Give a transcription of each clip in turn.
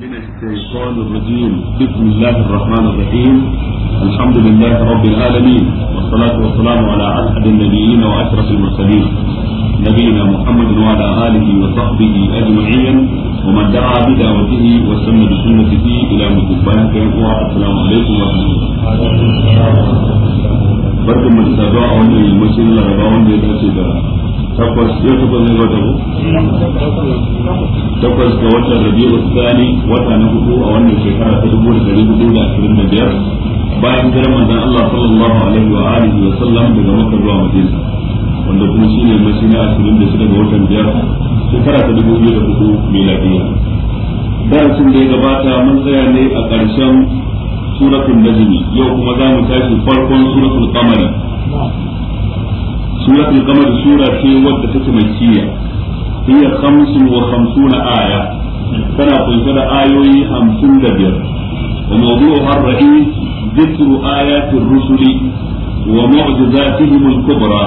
من الشيطان الرجيم بسم الله الرحمن الرحيم الحمد لله رب العالمين والصلاة والسلام على أسعد النبيين وأشرف المرسلين نبينا محمد وعلى آله وصحبه أجمعين ومن دعا بدعوته وسن بسنته إلى مكبان السلام عليكم ورحمة الله بركة من السابعة ومن المسلم لربا ومن takwas yau takwas ne ga wata ku takwas ga watan rabi'u tsani wata na hudu a wannan shekara ta dubu da dari hudu da ashirin da biyar bayan jiran manzon Allah sallallahu alaihi wa alihi wa sallam daga Makka zuwa Madina wanda kuma shine mashi na ashirin da shida ga watan biyar shekara ta dubu biyu da hudu miladiya darasin da ya gabata mun tsaya ne a ƙarshen suratul najmi yau kuma za mu tashi farkon suratul qamari suratul qamar sura ce wadda take mai shiya hiya 55 aya tana kunshe da ayoyi 55 wa mawdu'uha ar-ra'is dhikru ayati ar-rusuli wa mu'jizatihim al-kubra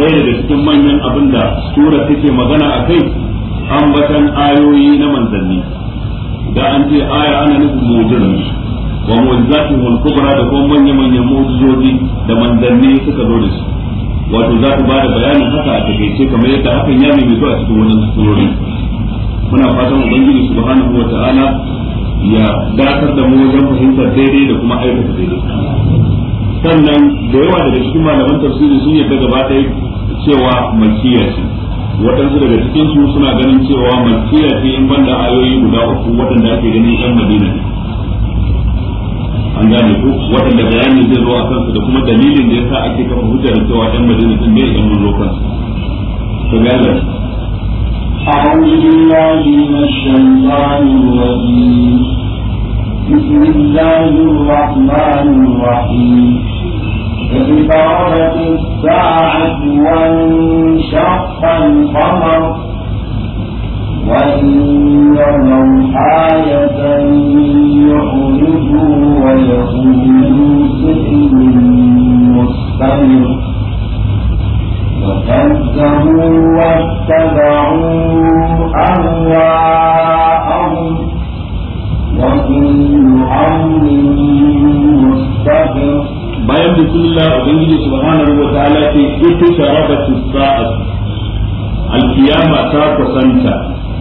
daya daga cikin manyan abinda sura take magana akai ambatan ayoyi na manzanni da an ce aya ana nufin mu'jizatihim wa kubra da kuma manyan manyan da manzanni suka zo da su wato za ta bada bayanin haka a takaice kamar yadda hakan ya mai a cikin wannan surori muna fatan ubangiji subhanahu wa ta'ala ya dakar da mu wajen fahimtar daidai da kuma aikata daidai sannan da yawa daga cikin malaman tafsiri sun yadda gaba ɗaya cewa makiya ce waɗansu daga cikin su suna ganin cewa makiya ce in banda ayoyi guda uku waɗanda ake ganin yan madina ne an gane ko waɗanda bayani zai zo a kansu da kuma dalilin da yasa ake kafa hujjar cewa ɗan madina sun ne idan mun zo kansu أعوذ بالله من الشيطان الرجيم بسم الله الرحمن الرحيم الساعة وانشق القمر وإن يروا آية يكون من شيء مستمر وكذبوا واتبعوا أهواءهم وكل أمر مستقر bayan bismillah ubangiji subhanahu wa ta'ala ce ita sharabatu sa'at al-qiyama ta kusanta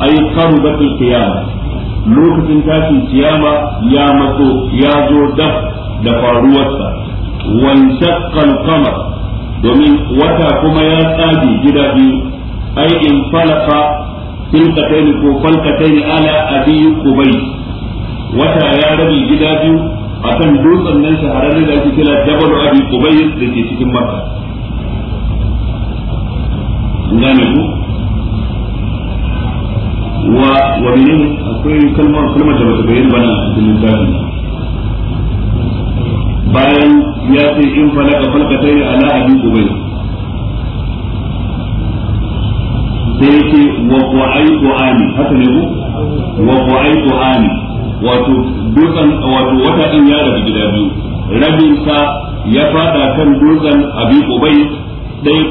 ay qarubatul qiyamah lokacin tashin siyama ya mato ya zo daf da faruwarsa wan shaqqal domin wata kuma ya tsabi gida biyu ai in falaka filqatayn ko falqatayn ala abi kubai wata ya rabi gida biyu a kan dutsen nan shahararre da ake kila jabal abi kubai da ke cikin makka wa wa akwai kalmar kalmar da bata bayyana ba a cikin littafin bayan ya ce in falaka falkatai ala abi ubay sai yake wa qu'ai qu'ani haka ku wa qu'ai qu'ani wato dutsen wato wata ya biyu sa ya kan dutsen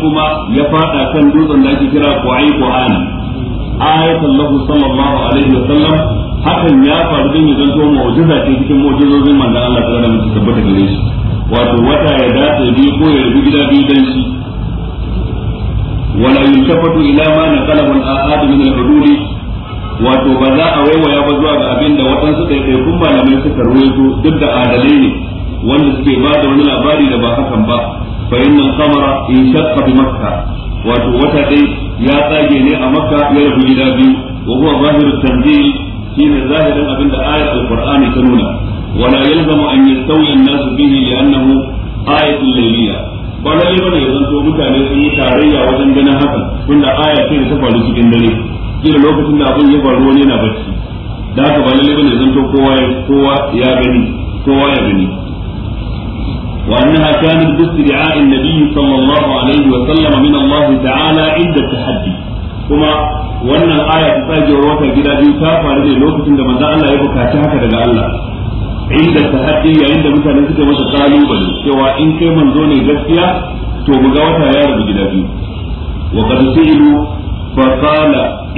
kuma ya fada kan dutsen da ake kira qu'ai qu'ani ayatan lahu sallallahu alaihi wa sallam hakan ya faru din ya zanto mu'jiza ce cikin mu'jizozin manzon Allah ta da mutum tabbata gare shi wato wata ya dace biyu ko ya rubi gida biyu dan shi wala yuntafatu ila ma naqalahu al-ahad min al-hudud wato ba za a waiwaya ba zuwa ga abin da waɗansu ɗaiɗaikun malamai suka ruwaito duk da adalai ne wanda suke ba da wani labari da ba hakan ba fa innal qamara in shaqqa bi makkah wato wata dai ya tsage ne a makka ya rufe gida biyu wa huwa zahiru tanzil shine zahirin abin da ayat alqur'ani ta nuna wa la yalzamu an yastawi an-nas bihi li'annahu ayat layliya ba yaba ne ya zanto mutane sun yi tarayya wajen ganin haka tunda aya ce da ta faru cikin dare kila lokacin da abin ya faru wani yana bacci da haka ba lalle bane ya zanto kowa ya gani kowa ya gani وأنها كانت باستدعاء النبي صلى الله عليه وسلم من الله تعالى عند التحدي كما وأن الآية تساجي وروتا جدا دي تافا لدي لوكت عندما ذا الله يبقى تحكى لدى الله عند التحدي عند مثلا نسيت مش قالوا بل سوى إن كي منزوني جسيا تو مقاوتا يا رب جدا دي وقد سئلوا فقال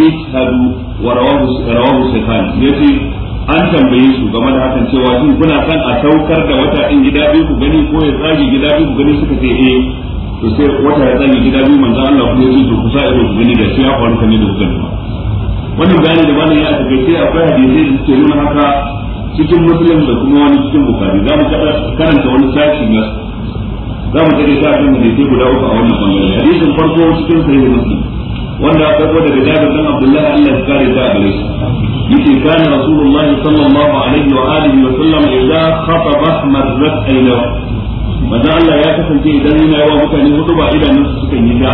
اشهدوا ورواه رواه الشيخان يسير an tambaye su game da hakan cewa shin kuna son a saukar da wata in gida biyu ku gani ko ya tsage gida biyu ku gani suka ce eh to sai wata ya tsage gida biyu manzo Allah ku yi ku sa ido ku gani da shi ya faru kan da kuma wannan bayani da bani ya tafi sai akwai hadisi da suke nuna haka cikin muslim da kuma wani cikin bukari za mu karanta wani sashi na za mu tare sa da hadisi guda uku a wannan bangare hadisin farko cikin sahihin muslim wanda aka ko daga Jabir bin Abdullah Allah ya kare ta gare shi yace kana Rasulullahi sallallahu alaihi wa alihi wa sallam idza khataba marrat aynawa manzo Allah ya kasance idan yana yawa mutane hudu ba idan su sukan yi da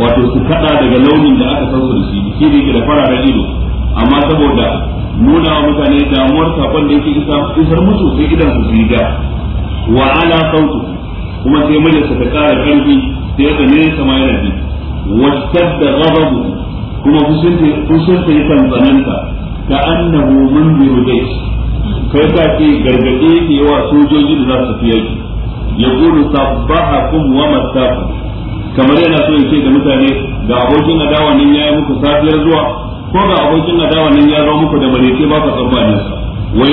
wato su kada daga launin da aka san su da shi shi ne ke da fararen ido amma saboda nuna wa mutane damuwar sakon da yake isar musu sai idan su yi da wa ala sautu kuma sai muryarsa ta kara karfi sai ya ne sama yana ji واشتد غضبه كما فسنت يكن ظننت كأنه منذر جيش فيتاكي غرغديك وسوجوجي لذا سفياكي يقول صبحكم ومساكم kamar yana so ya ce ga mutane ga abokin adawa nan ya yi safiyar zuwa ko ga abokin adawa nan ya zo muku da mareke ba ka tsammanin sa wa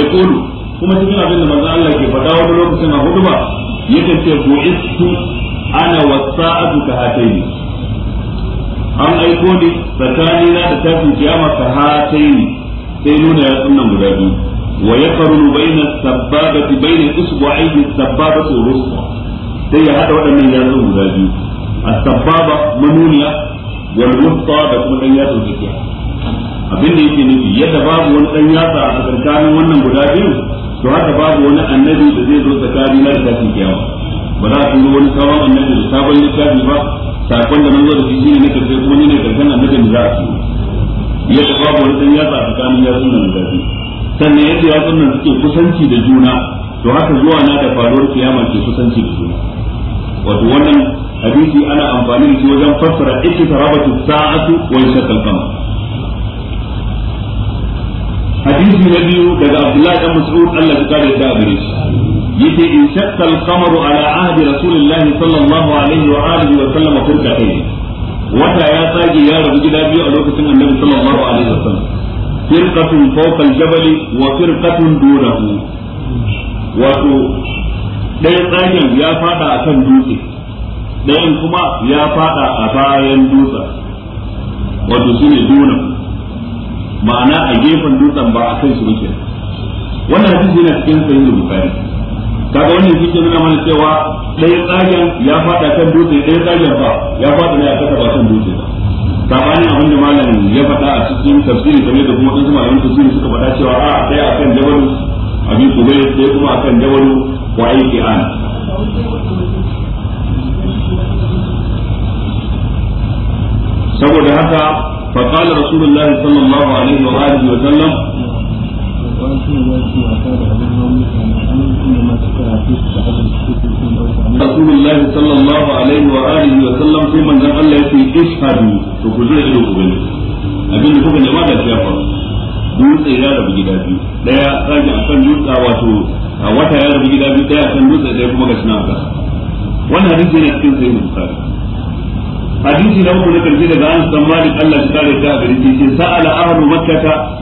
kuma cikin abinda da manzo Allah ke faɗa wani lokacin a hudu ba yakan ce bu'istu ana wasa'atu ka hataini an aiko ni tsakani na da tashin kiyama ka hataini sai nuna ya sunan guda biyu wa yaqrunu baina sababati aiki usbu'aini sababati rusqa sai ya hada waɗannan yatsun guda biyu a sababa manuniya wal wusta da kuma dan yatsun tsakiya abin da yake nufi yadda babu wani ɗan yatsa a tsakanin wannan guda biyu to haka babu wani annabi da zai zo tsakanin na da tashin kiyama ba za a turo wani sabon annabi da sabon littafi ba sakon da manzo da shi ne na sai kuma ne karshen annabin da za a ya ta ba wani yatsa a tsakanin ya sunan da shi sannan yadda ya sunan suke kusanci da juna to haka zuwa na da faruwar kiyama ke kusanci da juna wato wannan hadisi ana amfani da shi wajen fassara tarabatu sa'atu wa shakal qamar hadisi na biyu daga Abdullahi dan Mas'ud Allah ya kare da gare shi yace in shaqqa al-qamaru ala ahdi rasulillahi sallallahu alaihi wa alihi wa sallam furqatayn wata ya tsage ya rabu gida biyu a lokacin annabi sallallahu alaihi wa sallam firqatun fawqa al-jabali wa firqatun dunahu wato ɗaya tsagen ya fada akan dutse ɗayan kuma ya fada a bayan dutse wato shine dunan ma'ana a gefen dutsen ba a kai su ba wannan hadisi yana cikin sahihul bukhari kaga wannan shi ke nuna mana cewa ɗaya tsagen ya fada kan dutse ɗaya tsagen ba ya fada ne a kasa ba kan dutse ba sabanin abin da malam ya fada a cikin tafsirin game da kuma wasu malaman tafsirin suka fada cewa a ɗaya akan jabalu abin kubai ɗaya kuma a kan jabalu wa aiki an saboda haka فقال رسول الله صلى الله عليه وآله وسلم رسول الله صلى الله عليه وآله وسلم في من ذا الله في إشهدوا فكذا يدوك بني أبين لكم أن ماذا تيافر dutse ya rabu gida biyu daya rage a kan dutse wato a wata ya rabu gida biyu daya a kan dutse daya kuma ga suna kasa wannan hadisi yana cikin sayyid bukhari hadisi na uku na karshe daga Allah ta a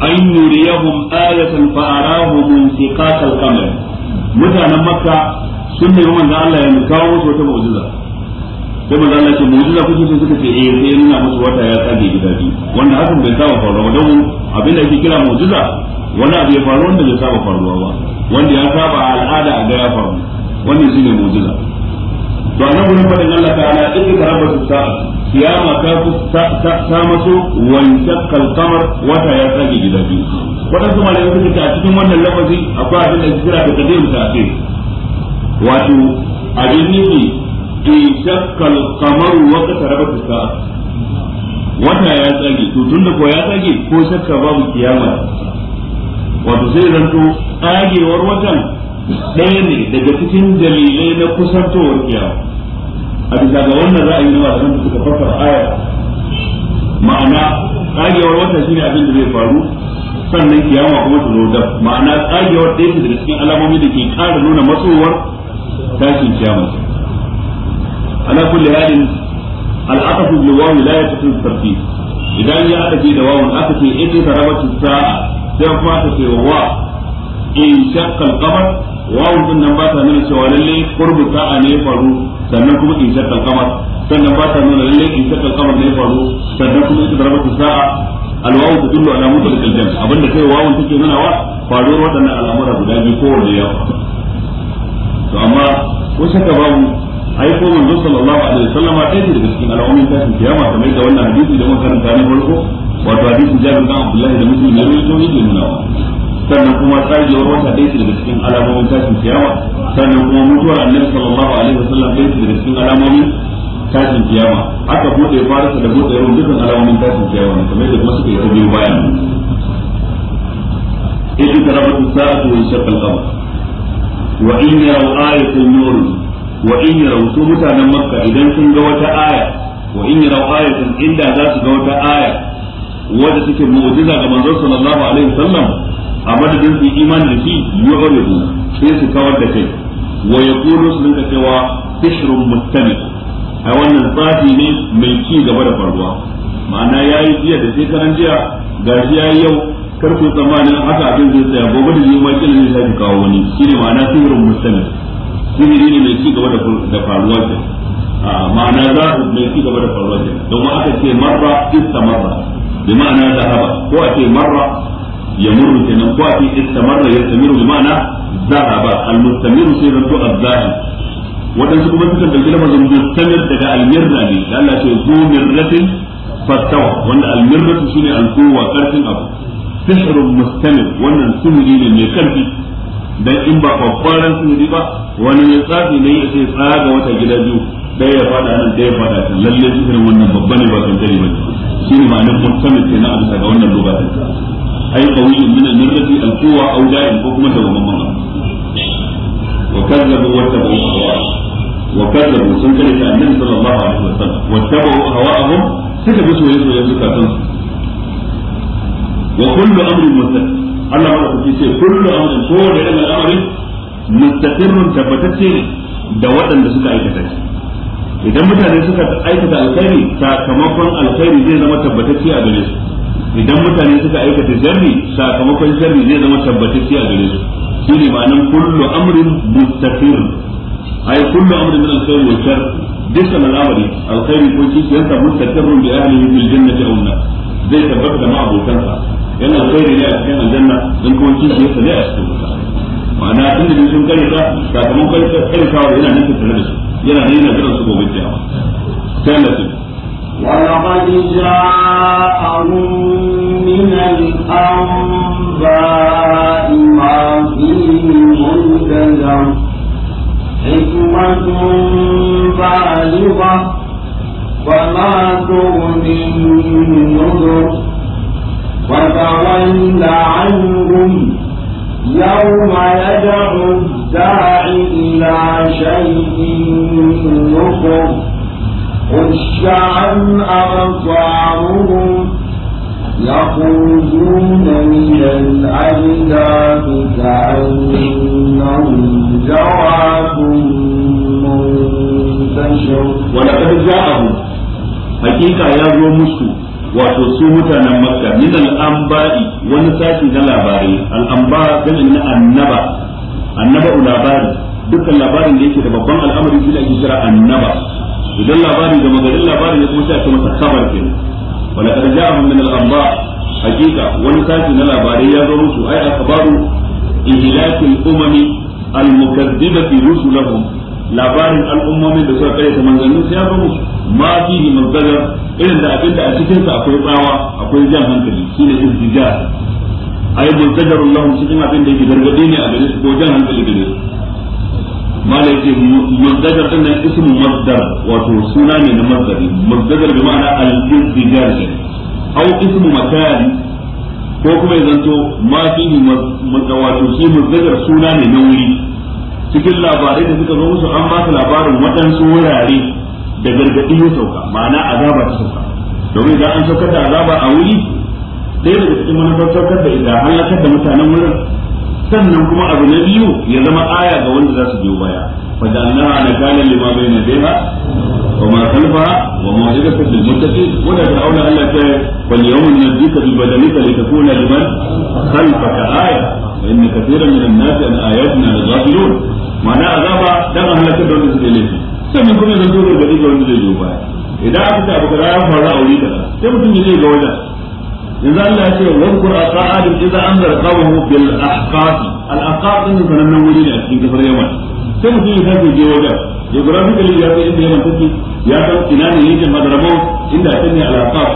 an nuriyahum ayatan fa min siqat al-qamar mutanen makka sun nemi manzo Allah ya kawo musu wata mu'jiza sai manzo Allah ce mu'jiza kuke so kuke ce eh sai nuna musu wata ya tsage gidaje. wanda hakan bai saba faruwa don abin da yake kira mu'jiza wani abu ya faru wanda bai saba faruwa ba wanda ya saba al'ada a ga ya faru wannan shine mu'jiza to anan gurin fadin Allah ta'ala idza karabatu sa'a kiyama ta maso wancan kalkamar wata ya sake gidaje biyu waɗansu malamai suka ce a cikin wannan lafazi akwai abin da ya kira da kadir ta'khir wato abin nufi in shakkal kamar waqta rabat sa'a wata ya tsage to tunda ko ya tsage ko shakka babu kiyama wato sai to tsagewar watan ɗaya ne daga cikin dalilai na kusantowar kiyama a bisa ga wannan ra'ayi na malaman da suka fassara aya ma'ana tsagewar wata shine abin da zai faru sannan kiyama kuma ta zo dab ma'ana tsagewar ɗaya ce daga cikin alamomi da ke ƙara nuna matsowar tashin kiyama ala kulli halin al'aqatu bil waw la yatafil tartib idan ya adafi da wawun aka ce in ta rabatu sa'a sai kuma ta ce wa in shaqqa al-qamar wawun din nan ba ta nuna cewa lalle qurbu sa'a ne faru sannan kuma in shakka kamar sannan ba ta nuna lalle in shakka kamar ya faru sannan kuma ita daraba ta sa'a alwawu ta dullu ala mutlaq aljan abinda kai wawun take nuna wa faruwar waɗannan al'amura guda biyu kowanne ya to amma ko shakka ba mu ai ko manzo sallallahu alaihi wasallam a ɗaya daga cikin al'ummin tashin kiyama kamar da wannan hadisi da muka karanta ne farko wato hadisin Jabir bin abdullahi da Muslim ne rawaito yake nuna wa sannan kuma tsagewar wata ɗaya daga cikin alamomin tashin kiyama sannan kuma mutuwar annabi sallallahu alaihi wasallam ɗaya daga cikin alamomin tashin kiyama aka buɗe farasa da buɗe ruwan dukkan alamomin tashin kiyama ne kamar yadda kuma suka yi ta biyu bayan إذ تربت yi وانشق القمر وإن يروا آية نور وإن يروا سورة مكة إذا yi آية وإن inda za su ga wata آية wadda take mu'jiza ga manzon sallallahu alaihi wasallam a madadin su imani da shi yu'ridu sai su kawar da kai wa yaqulu su dinka cewa fishrun mutane a wannan tsafi ne mai ci gaba da faruwa ma'ana ya yi jiya da shekaran jiya Ga shi ya yi yau karfe tsammanin haka abin zai tsaya gobe da jima kila ne sai kawo wani Shi ne ma'ana fishirin mutane sihiri ne mai ci gaba da faruwa ke ma'ana za su mai ci gaba da faruwa ke don ma aka ce marra ista marra bi ma'ana haba ko a ce marra يمر كنا قواتي استمر يستمر بمعنى ذهب المستمر سيرا تو الذاهب waɗansu kuma suka ɗauki lafazin mustamir daga almirra ne da Allah ce zu mirratin fastawa wanda almirratu shine alquwa karfin abu sihrun mustamir wannan sihiri ne mai karfi dan in ba kwakwaran sihiri ba wani mai tsafi ne ya ce tsaga wata gida biyu ɗaya ya fada nan ɗaya ya fada can lalle sihirin wannan babba ne ba kan tare ba shine ma'anar mustamir kenan a bisa ga wannan lokacin ai qawiyyun min al-mirrati al-quwa aw da'in ko kuma da wannan mana wa kazzabu wa tabu hawa wa kazzabu sun kare da annabi sallallahu alaihi wasallam wa tabu hawa'ahum suka bi soyayya soyayya zukatan su wa kullu amrin mustaq Allah ma ku ce kullu amrin ko da irin al'amarin mustaqirrun tabbatacce ne da waɗanda suka aikata shi idan mutane suka aikata alkhairi sakamakon alkhairi zai zama tabbatacce a gare su idan mutane suka aikata sharri sakamakon sharri zai zama tabbatacce a gare su shi ne ma'anan kullu amrin mustaqir ay kullu amrin min al-khair wal shar dukkan al'amari alkhairi ko shi ke yanka mustaqirrun bi ahlihi fil jannati aw nar zai tabbata ma abokan sa yana alkhairi ne a cikin aljanna dan kuma kishi yasa ne a cikin wuta ma'ana inda bin sun kare ta sakamakon kai kawo yana nan tare da su yana nan yana jiran su gobe kiyama sai Allah ولقد جاءهم من الأنباء ما فيه مزدجر حكمة بالغة فما تغني النذر وتول عنهم يوم يدعو الداعي إلى شيء نصر خشعا أبصارهم يخرجون من الأجداث كأنهم جواب منتشر ولقد جاءهم حقيقة يا مسلم wato su mutanen makka min al'amba'i wani sashi na labarai al'amba dan na annaba annaba labari dukkan labarin da yake da babban al'amari shi da ake kira annaba idan labarin da magarin labarin ya kuma sai a ce masa khabar kenan wani kad ja'ahum min al hakika wani sashi na labarai ya zo musu ai akbaru ihlakil umami al-mukazzibati rusulahum labarin al'ummomin da suka kare ta manzannin sai ya zo musu ma fihi mazdar irin da abin da a cikin sa akwai tsawa akwai jan hankali shine izdijar ai muzdajar lahum cikin abin da yake gargadi ne a gare su ko jan hankali gare su malai ce mazdadar din nan ismu mazdar wato suna ne na mazdari mazdadar bi ma'ana al ne au ismu makan ko kuma yanzu zanto ma fihi wato shi mazdadar suna ne na wuri cikin labarai da suka zo musu an ba su labarin waɗansu wurare da gargadi ya sauka ma'ana azaba ta sauka domin idan an saukar da azaba a wuri ɗaya daga cikin manufar saukar da ita lakar da mutanen wurin sannan kuma abu na biyu ya zama aya ga wanda za su biyo baya fadanna na kana lima bai na bai ba wa ma kalfa wa ma hada ta muttaqi wa da aula Allah ta wal yawm yajika bi badalika li takuna liman khalfa ka aya inna kathira min an-nas an ayatuna la ghafilun ma na azaba dan halaka da wanda zai lafi sannan kuma zan zo da wanda zai biyo baya idan aka ta abu da ya faru a wurin da sai mutum ya ga wajen yanzu Allah ya ce wankur aka adam idza anzara bil ahqaf al ahqaf sanannen wuri ne a cikin kasar yaman sai mutum ya sake je wajen geographically ya san inda yaman take ya san ina ne yake madrabo inda can ne al ahqaf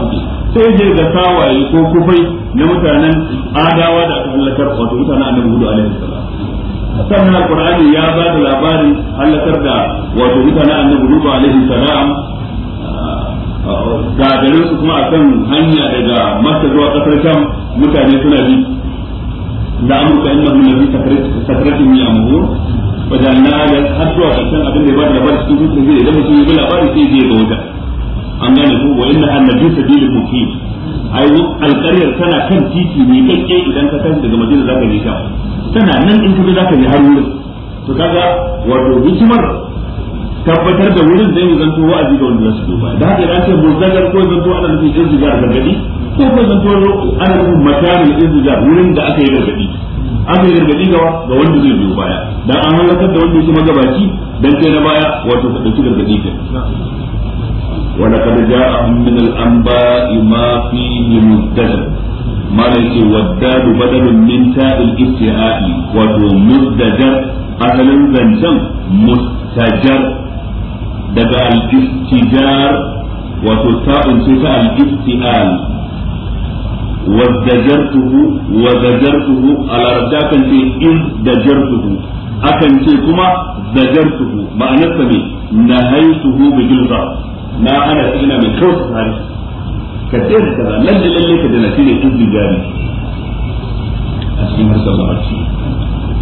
take sai je ko kufai na mutanen adawa da aka halakar wato mutanen annabi hudu alaihi salam sannan alqur'ani ya ba da labarin halakar da wato mutanen annabi hudu alaihi salam ga garin su kuma akan hanya daga Makka zuwa kasar Sham mutane suna bi da amurka inna min nabi yi min amur wajen da har zuwa karshen abin da ya bada labarin cikin zuciya zai zama su yi bi labarin sai zai ga wuta an gane ko wa inna annabi sabilil muke ai alƙaryar tana kan titi ne kakke idan ka tashi daga Madina zaka je Sham tana nan in ka bi zaka je har wurin to kaga wato hikimar tabbatar da wurin zai yi zanto wa'azi ga wanda za su duba da haka idan ce murzagar ko zanto ana nufin a gargadi ko ko zanto ana nufin makarin irtijar wurin da aka yi gargadi aka yi gargadi ga ga wanda zai biyo baya dan an halakar da wanda yake gabaci dan kai na baya wato ka dauki gargadi kai ولقد جاءهم من الأنباء ما فيه مزدجر ما ليس والداد بدل من تاء الاستيعاء وهو مزدجر أهلا زنجم مستجر daga al-istijar wato ta'un ce ta al-istial wa dajartuhu wa dajartuhu ala rabda kan ce in dajartuhu akan ce kuma dajartuhu ma'anar sa ne nahaituhu bi gilza na ana ina mai kausa hari ka ce daina kaza lalle lalle ka daina in izdijari a cikin a ciki.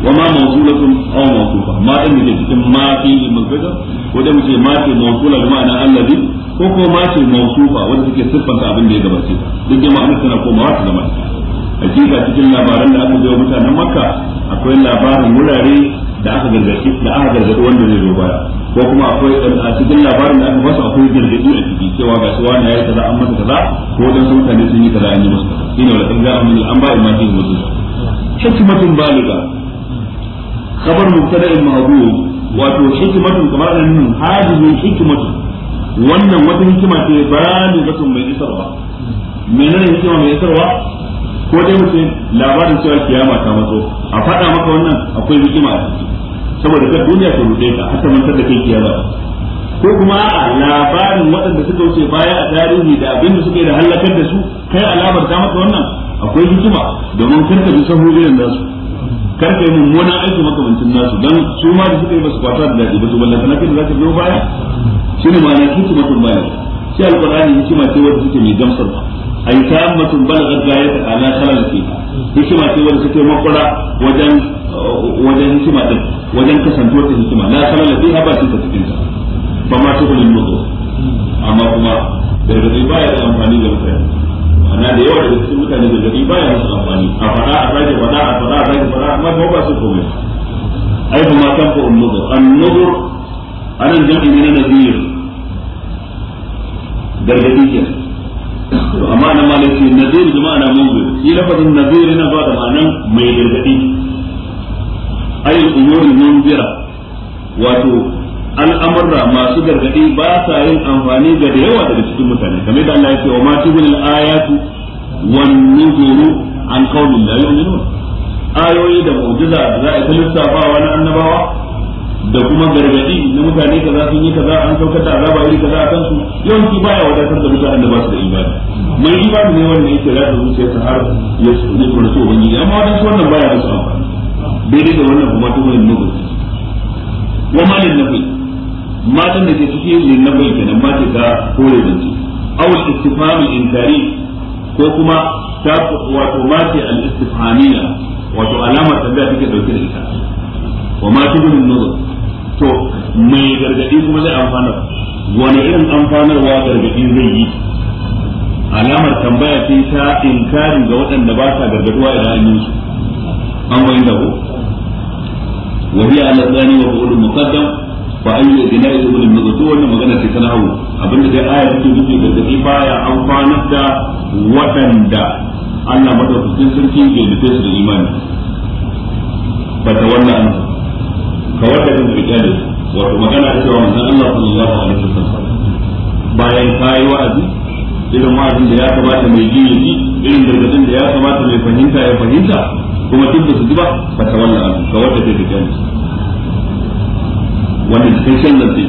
wa ma mawsulatun aw mawsufa ma din da cikin ma fi mulkaza ko da muke ma ce mawsula bi ma'ana allazi ko ko ma ce mawsufa wanda take siffanta abin da ya gabace duk da ma'anar tana komawa ta zama hakika cikin labaran da aka biyo mutanen makka akwai labarin wurare da aka gargaɗi da aka gargaɗi wanda zai zo baya ko kuma akwai a cikin labarin da aka masa akwai gargadi a ciki cewa ga shi wani yayi kaza an masa kaza ko dan sun mutane sun yi kaza an yi masa kaza shine wala kan ga amin al-anba'i ma fi wuzur hikmatun baliga مبتدا mubtada'in واتو wato hikmatun kamar هذه hadhihi hikmatun wannan wata hikima ce baligatun mai isarwa menene hikima mai isarwa ko dai mutum labarin cewa kiyama ta mazo a faɗa maka wannan akwai hikima a ciki saboda ka duniya ta rude ka aka da kai kiyama ko kuma a labarin waɗanda suka wuce baya a tarihi da abinda suka yi da halakar da su kai alamar ta maka wannan akwai hikima domin karka bi sahu da nasu kan ka yi mummunan aiki makamancin nasu don su ma da suka yi basu kwata da daji basu su ballanta na kin za ka zo baya ne ma'ana hikmatun baya shi alqur'ani hikima ce wanda suke mai gamsarwa ay tammatun balagat gayata ala khalalati hikima ce wanda take makwara wajen wajen hikima din wajen kasantuwar ta hikima la khalalati ha ba ta cikin ta ba ma ta mutu amma kuma gargadi baya da amfani da mutane amma da yawa daga cikin mutane da gari baya musu amfani a fada a sake fada a fada a sake fada amma ba ba su komai ai ba ma kan fa unnuzur annuzur anan jami'i ne na nazir gargadi ke amma nan ma lafi nazir bi ma'ana munzir shi lafazin nazir na ba da ma'anan mai gargadi ai mun munzira wato al'amurra masu gargadi ba sa yin amfani ga da yawa daga cikin mutane kamar da Allah ya ce wa ma tubul ayatu wan nuzuru an qaumin la yu'minun ayoyi da mu'jiza da za a yi lissafawa na annabawa da kuma gargadi na mutane za su yi kaza an saukar da azaba yi kaza a kansu yawanci baya wadatar da mutanen da ba su da imani mai imani ne wanda yake rasa zuciyarsa har ya tsuni wani ne amma wadansu wannan baya da su amfani daidai da wannan kuma tuhumin nubus wa malin nabi matan da ke cikin lin na bai kenan ma ce ta kore zance awul istifhamul inkari ko kuma ta wato ma ce al istifhamiya wato alamar tambaya take dauke da ita wa ma tubun nuzur to mai gargadi kuma zai amfana wani irin amfanarwa gargadi zai yi alamar tambaya ce ta inkari ga waɗanda ba sa gargaduwa idan an yi su an wayin da ko wa hiya al-thani wa qawlun muqaddam fa ayyu bina'i ibn al-mazkur wannan magana ce ta nahawu abinda dai aya take nufi da dai baya amfanar da wadanda Allah madaukakin sarki ke da su da imani ba ta wannan an ka wanda da kiyale wato magana ta cewa manzon Allah sallallahu alaihi wasallam bayan kai wa'azi irin wa'azin da ya kamata mai ji ya ji irin gargadin da ya kamata mai fahimta ya fahimta kuma duk da su ba ba ta wannan an ka wanda da kiyale Wani wannan cikakken zance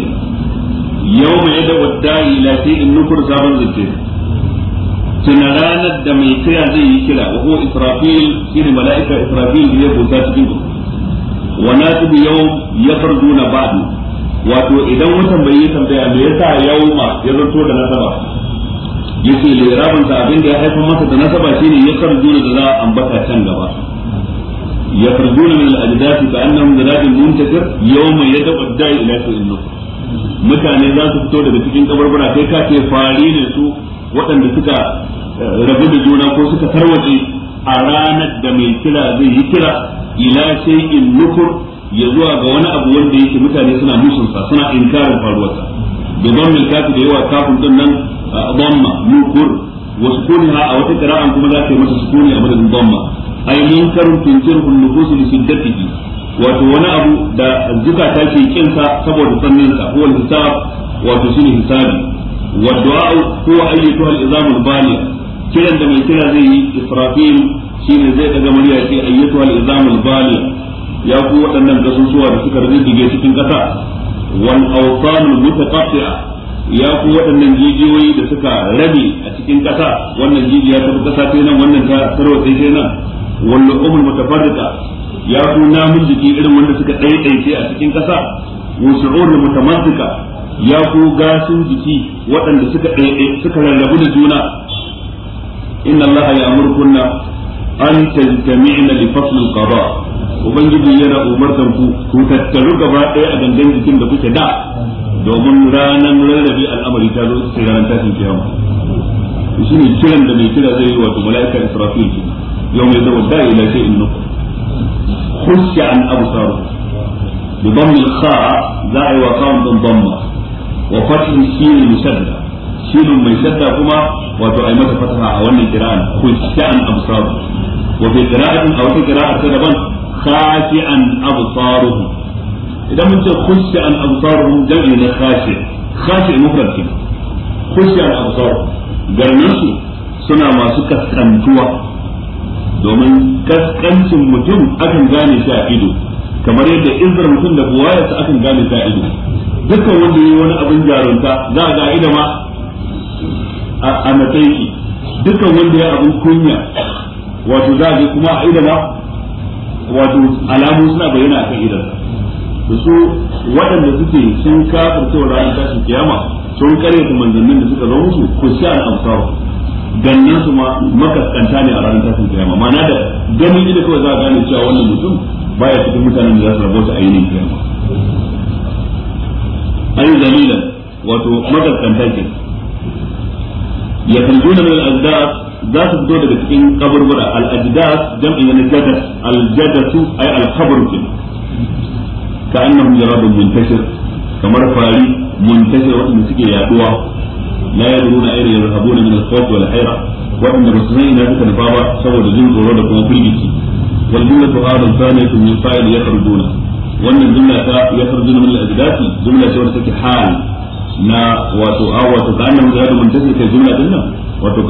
yau mai yadda wadda ila sai in nufur sabon zance tuna ranar da mai kira zai yi kira wa huwa israfil shine mala'ika israfil da ya bauta cikin ku wa nasibu yau ya na ba'du wato idan watan bai yi tambaya me yasa ma ya zanto da nasaba yace lirabin sa abin da ya haifar masa da nasaba shine ya farduna da za a ambata can gaba يخرجون من الأجداث كأنهم ذراب منتشر يوم يدعو الداعي إلى سوء النصر mutane za su fito daga cikin kabarbara kai ka fari ne su waɗanda suka rabu da juna ko suka tarwaje a ranar da mai kira zai yi kira ila shay'in nukur ya zuwa ga wani abu wanda yake mutane suna musunsa suna inkarin faruwarsa da gwamnan kafi da yawa kafin din nan a nukur wa sukuniha a wata kira'an kuma za ta yi masa sukuni a madadin gwamna ay munkarun tunjirhu an da li shiddatihi wato wani abu da zukata ke kin sa saboda sannin sa huwa hisab wato shine hisabi wa du'a ko ayyatuha al-izam al-baligh kiran da mai kira zai yi israfil shine zai daga murya ce ayyatu al-izam al-baligh ya ku waɗannan gasusuwa da suka rindige cikin ƙasa wal awsan al-mutaqatti'a ya ku waɗannan jijiyoyi da suka rabe a cikin ƙasa wannan jijiya ta ƙasa ta nan wannan ta sarwa ta nan wal lu'umul mutafarriqa ya ku namun jiki irin wanda suka ɗaiɗaice a cikin ƙasa wusu'ur mutamassika ya ku gasun jiki waɗanda suka ɗaiɗai suka rarrabu da juna inna allaha ya'murukunna an tajtami'na li fasl al-qada ubangiji yana umartar ku ku tattaru gaba ɗaya a gangan jikin da kuke da domin ranar rarrabe al'amari ta zo sai ranar tashin kiyama shi ne kiran da mai kira zai yi wato mala'ika israfil kenan يوم يدعو الداعي الى شيء نقص خش عن ابصاره بضم الخاء داعي وقام ضمه وفتح الشين المشدده شين المشدده كما وتعيمة فتحها عوان القراءة خش عن ابصاره وفي قراءة او في قراءة كذبا خاشعا ابصاره اذا مت خش عن ابصاره جمع خاشع خاشع مفرد خش عن ابصاره قال نفسه سنة ما سكت كان domin kaskancin mutum akan gane shi a ido kamar yadda izzar mutum da buwayarsa akan gane shi a ido dukkan wanda yi wani abin jarunta za a ga ido ma a matsayin shi dukkan wanda ya abin kunya wato za a ga kuma a ido ma wato alamun suna bayyana a kan idansa da su waɗanda suke sun kafar cewa ranar tashin kiyama sun karyata manzannin da suka zo musu ku sha al'amsawa gannan su ma makaskanta ne a ranar tasirin kiyama ma'ana da ganin da kawai za a gane cewa wannan mutum baya cikin mutanen da za su rabota a yinin kiyama yi zalilan wato makaskanta ke ya kanjuna min mai azdad za su fito daga cikin kaburbura al-ajdad jam'i na jadas al-jadatu ay al-qabr ka annahum yarabun muntashir kamar fari muntashir wanda suke yaduwa la yadruna ayna yarhabuna min al-khawf wal hayra waɗanda ba su san ina suka nufa ba saboda jin tsoro da kuma firgici wal jumlatu hadha thaniyatu min fa'il yakhrujuna wannan jumla ta yakhrujuna min al-ajdati jumla ce wadda take hal na wato a wato kanan da mun tace kai jumla din nan wato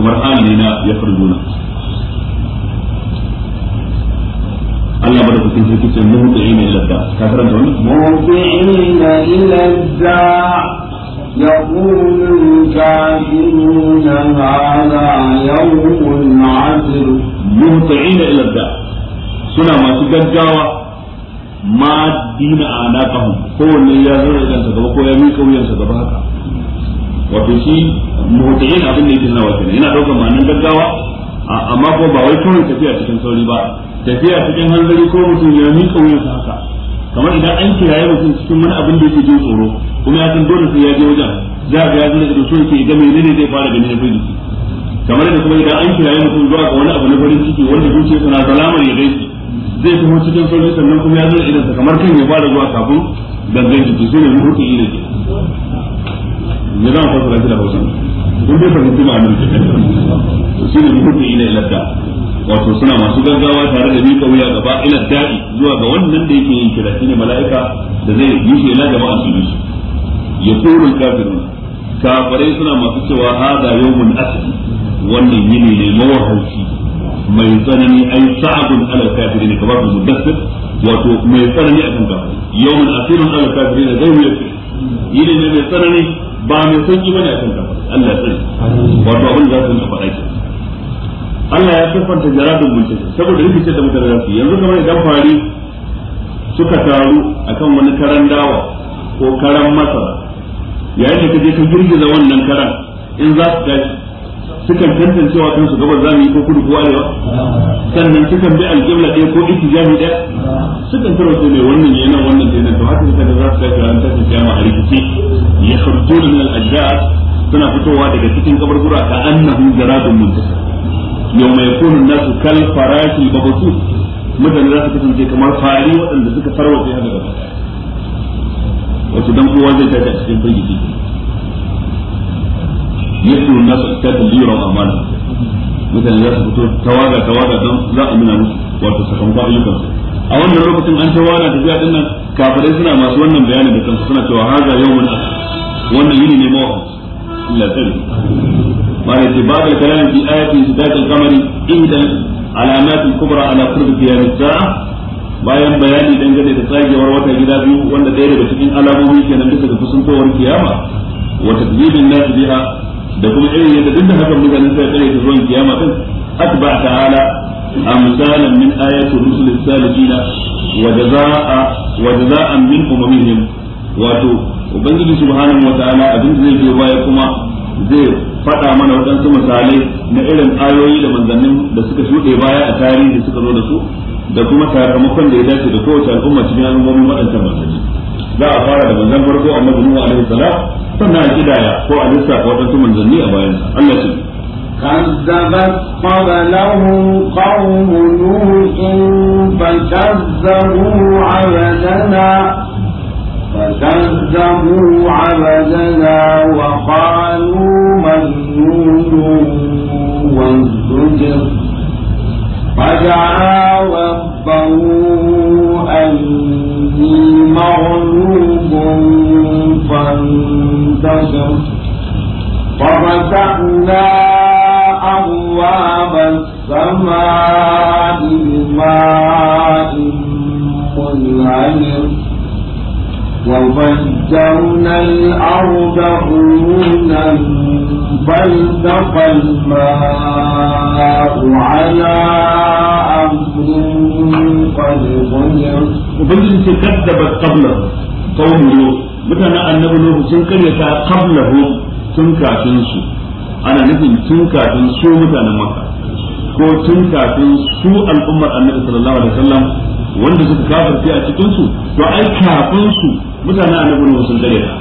ne na yakhrujuna Allah madaukakin sarki ce da ka ila da يقول الكافرون هذا يوم عسر مهطعين إلى الداء سنة ما تجدعوا ma dina anaqahum kowanne ya zo da kansa gaba ko ya mika wuyansa gaba haka wato shi muhtayin abin da yake nawa kenan yana daukar ma'anin gaggawa amma ko ba wai kawai tafiya cikin sauri ba tafiya cikin hanzari ko mutum ya mika wuyansa haka kamar idan an kiraye mutum cikin wani abin da yake jin tsoro kuma ya san dole sai ya je wajen za ga ya zura da so yake ga ne zai fara gani na farin ciki kamar da kuma idan an kiraye mutum zuwa ga wani abu na farin ciki wanda zuciya tana zalamar ya gaishe zai kuma cikin sauri sannan kuma ya zura idan kamar kan ya fara zuwa kafin gangan jiki shine mutum ne ke ne zan fasara shi da Hausa kun dai fahimci ma'anar ne shine mutum ila iladda wato suna masu gaggawa tare da mika wuya gaba ila da'i zuwa ga wannan da yake yin kira shine mala'ika da zai yi shi ila a su yi yaqulu al-kafirun kafirai suna masu cewa hada yawmun asr wannan yini ne mawahauci mai tsanani ai sa'abun ala kafirin kamar mudassir wato mai tsanani akan kafirai yawmun asirun ala kafirin zai mu yake yini ne mai tsanani ba mai sanki bane akan kafirai Allah ya tsare wato abin da zan faɗa Allah ya siffanta jaradun bincike saboda rikice da yanzu kamar idan suka taru akan wani karan dawa ko karan masara yayin da kaje ka girgiza wannan karan in za su tashi sukan tantancewa kansu gabar za mu yi ko kudu ko arewa sannan sukan bi alƙibla ɗaya ko jami ɗaya sukan su ne wannan ya yana wannan da yana to haka suka da za su tashi ran tashi kiyama a rikici ya kharjuna min al-ajdaad suna fitowa daga cikin kaburbura ka annahum jaradun muntasir yawma yakunu an-nasu kal farashil mabthus mutane za su kasance kamar fari waɗanda suka farwace haka gaba wato dan kowa zai tashi a cikin firgici yadda na su ta tabbiyar amana mutane za su fito tawaga tawaga don za a nuna musu wato sakamakon ayyukan su a wannan lokacin an tawaga ta din nan kafirai suna masu wannan bayani da kansu suna cewa haza yawmun asr wannan yini ne mawa Allah tsare ma da ba da kalamin fi ayatin sidat al-qamari inda alamatul kubra ala qurbi qiyam as-sa'a bayan bayani dangane da tsagewar wata gida biyu wanda ɗaya daga cikin alamomi kenan bisa ga kusantowar kiyama wata takdibin nasu biha da kuma irin yadda duk da hakan mutanen sai kare ta zuwan kiyama din atba ta'ala amsalan min ayati rusul salihin wa jazaa'a wa jazaa'an min umamihim wato ubangiji subhanahu wa ta'ala abin da zai baya kuma zai faɗa mana waɗansu misalai na irin ayoyi da manzannin da suka shuɗe baya a tarihi suka zo da su da kuma sakamakon da ya dace da kowace al'umma cikin al'ummomin waɗancan manzanni za a fara da manzan farko annabi nuhu alaihi salam sannan a kidaya ko a lissafa waɗansu manzanni a bayan Allah shi كذبت قبلهم قوم نوح فكذبوا عبدنا فكذبوا عبدنا وقالوا مجنون وازدجر فدعا ربه أني مغلوب فانتصر ففتحنا أبواب السماء بماء منهمر وفجر وفجرنا الأرض عيونا فالتقى الماء على أمر قد غير وبنجد كذبت قبله قوم لوط mutane annabi Nuhu sun karyata qablahum tun kafin su ana nufin tun kafin su ko tun kafin su al'ummar annabi sallallahu alaihi wasallam wanda suka kafirce a cikin su to ai kafin su a annabi ne sun dare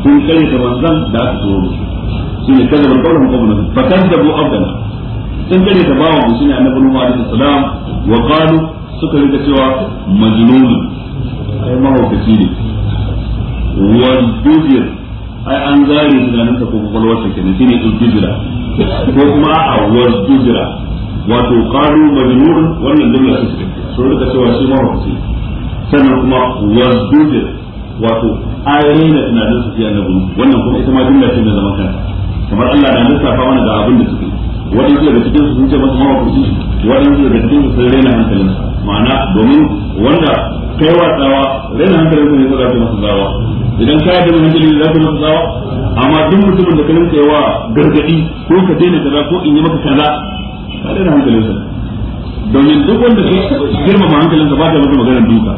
sun kare ta manzan da aka turo musu shi ne kaza ban kawai mutum nan ba kan da bu abdana sun kare ta bawa ne a annabi Nuhu alaihi salam wa qalu suka rika cewa majnun ai mahaukaci ne wa dubir ai an zare ganin ta ko kwakwalwar ta kenan shine dubira ko kuma a wa dubira wato qalu majnun wannan dubira su suka rika cewa shi mahaukaci sannan kuma wa dubir wato an na tunanin su fiye na gudu wannan kuma ita ma jumla ce da zaman kanta kamar Allah na fa mana da abin da suke waɗansu da cikin su sun ce masa mawa wani waɗansu da cikin su sun raina hankalinsa ma'ana domin wanda kai wa tsawa hankalin hankalinsa ne za ta masa tsawa idan ka yadda hankali za ta masa tsawa amma duk mutumin da kalin rinka wa gargadi ko ka daina kaza ko in yi maka kaza ka hankalin hankalinsa domin duk wanda ka girmama hankalinsa ba ta maka maganar duka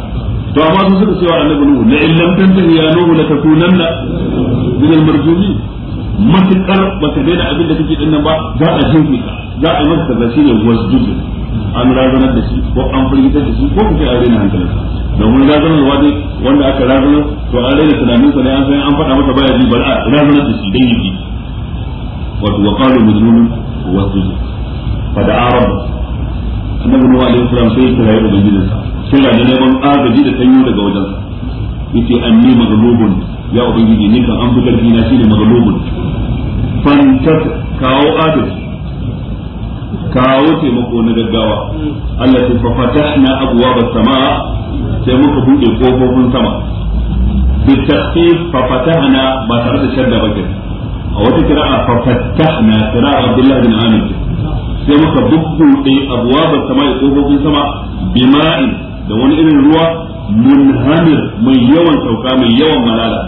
to amma su suka cewa annabi nuhu la in lam tantahi ya nuhu la takunanna min al marjumin matukar baka daina abin da kake dinnan ba za a jefe ka za a maka kaza shine wasjudu an razanar da shi ko an firgitar da shi ko kuma a raina hankalinsa domin razanarwa dai wanda aka razanar to an raina tunaninsa ne an san an faɗa masa baya ji bari a razanar da shi dan yake wato wa qalu majnun wasjudu fa da'a rabbahu annabi nuhu alaihi salam sai ya kira ubangijinsa kira da neman agaji da sanyo daga wajensa yace anni maghlubun ya ubangiji ni kan an fitar dina ne maghlubun fantas kawo agaji kawo taimako na gaggawa Allah ta fafatahna abwaaba samaa sai muka bude kofofin sama بالتخفيف ba ما ترد الشد بكر أو تقرأ ففتحنا قراءة عبد الله بن عامر sai muka bubbuɗe abuwa sama ya ƙofofin sama bima'in da wani irin ruwa munhamir mai yawan sauka mai yawan malala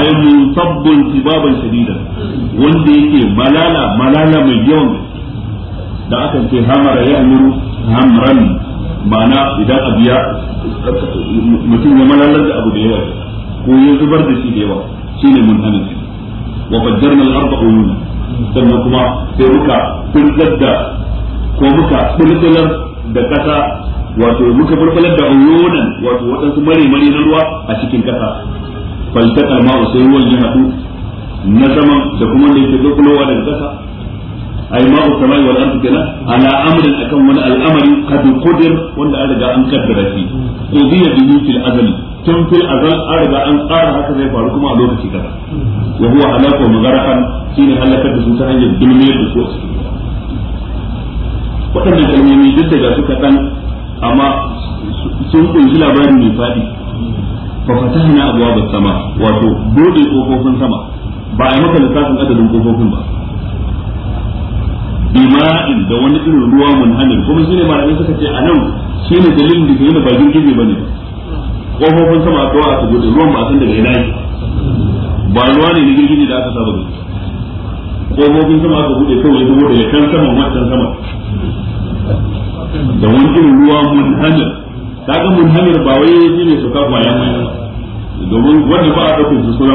ay munsabbun sibaban shadida wanda yake malala malala mai yawan da aka ce hamara ya amuru hamran ma'ana idan abu ya mutum ya malalar da abu da yawa ko ya zubar da shi da yawa shine munhamir wa fajjarna al-ardha uyuna sannan kuma sai muka fulgar da ko muka fulgular da kasa wato muka bulbular da uyunan wato wadansu mare mare na ruwa a cikin kasa faltaka ma sai ruwan ya na sama da kuma da yake dokulowa daga kasa ai ma usamai ala wani al'amari kad qudir wanda an riga an kaddara shi fil azali tun fil azal an riga an tsara haka zai faru kuma a lokaci kaza wa huwa alaqa magharakan shine halakar da su ta hanyar dulmiyar da su waɗannan kalmomi duk ga su kaɗan amma sun kunshi labari mai faɗi fa fatahna ba sama wato bude kofofin sama ba a yi maka lissafin adadin kofofin ba bima'in da wani irin ruwa mun munhamir kuma shine malamai suka ce anan shine dalilin da ke da ba ne bane kofofin sama a kawai aka bude ruwan ba san daga ina yake ba ruwa ne na jirgin da aka saba da kofofin sama aka bude kawai saboda ya kan saman wancan sama da wani irin ruwa munhamir kaga hanyar ba wai shi ne suka kwaya mai domin wanda ba a ɗaukar su suna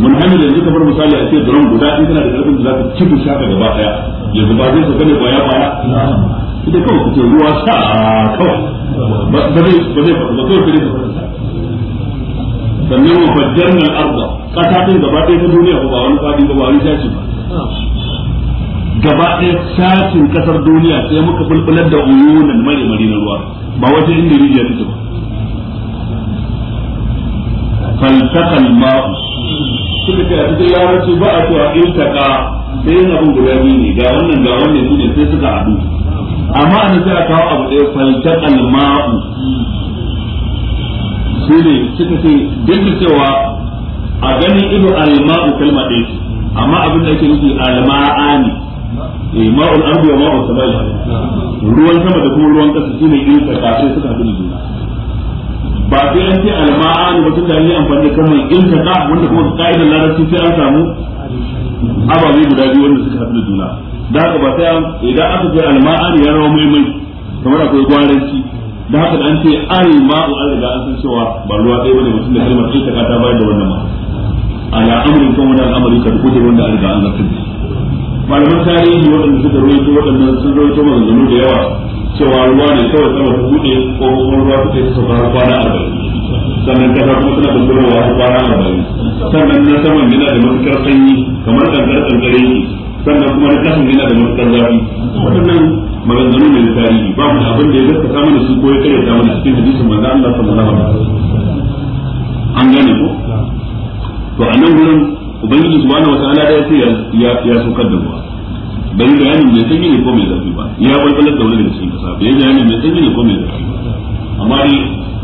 mun hanyar yanzu kamar misali a ce duran guda in kana da ƙarfin da za ka kifi shaka gaba ɗaya yanzu ba zai sauka ne kwaya kwaya ita kawai ku ruwa sa kawai ba zai ba zai ba kawai sai ka sannan wa fajjarna al-arda kasa din gaba ɗaya ta duniya ba wani fadi ba wani shashi ba gaba ɗaya sashin kasar duniya sai muka bulbular da uyunan mai mari na ruwa ba wajen inda rijiya take ba faltaqal ma'u suka ce a cikin yawanci ba a cewa in iltaka sai yana bin guda biyu ne ga wannan ga wannan su ne sai suka haɗu amma an sai a kawo abu ɗaya faltaqal ma'u su ne suka ce duk da cewa a ganin ido alma'u kalma ɗaya ce amma abin da ake nufi alma'a ne Eh, ma'ul ardi wa ma'ul samai ruwan sama da kuma ruwan kasa shine irin kafe suka haɗu da juna ba sai an ce alma'an ba tunda an yi amfani da ka iltaqa wanda kuma ka'idar sun sai an samu ababai guda biyu wanda suka haɗu da juna da haka ba sai idan aka ce alma'an ya rawa maimai kamar akwai gwaranci da haka da an ce alma'u an riga an san cewa ba ruwa ɗaya bane mutum da kalmar iltaqa ta bayar da wannan ma ala amrin kan wani al'amari ka duk wanda an riga an zartar malaman tarihi waɗanda suka rawaito waɗannan sun rawaito maganganu da yawa cewa ruwa ne kawai sama ta buɗe ko kuma ruwa ta kai sauka kwana kwana arba'in sannan kasa kuma suna bambarwa har kwana arba'in sannan na saman yana da matuƙar sanyi kamar kankar kankare ne sannan kuma na kasan yana da matuƙar zafi waɗannan maganganu ne na tarihi ba mu abin da ya gaskata mana su ko ya karyata mana cikin hadisin manzo Allah sallallahu alaihi wasallam an gane ko to a nan wurin ubangiji su subhanahu ana da yace ya ya saukar da ruwa bai bayanin mai sanyi ne ko mai zafi ba ya walwalar da wani da cikin kasa bai bayanin mai sanyi ne ko mai zafi ba amma dai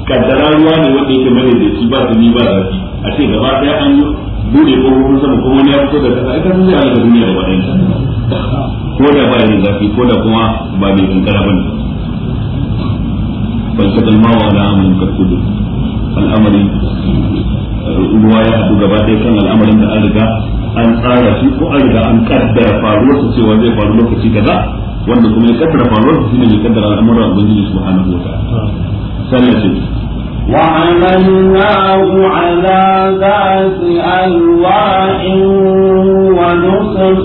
kaddara ruwa ne wanda yake mai da shi ba sanyi ba zafi a ce gaba daya an bude ko hukun sama ko wani ya fito da kasa ita sun zai halaka duniya da wadanda ko da ba yin zafi ko da kuma ba mai kankara ba ne falsafal mawa da amin kakkudu al'amari ruwa ya haɗu gaba ɗaya kan al'amarin da an riga an tsara shi ko an riga an kaddara faruwar su cewa zai faru lokaci kaza wanda kuma ya kaddara faruwar su shine ya kaddara al'amuran ubangiji subhanahu wa ta'ala sallallahu alaihi وعملناه على ذات ألواح ونصر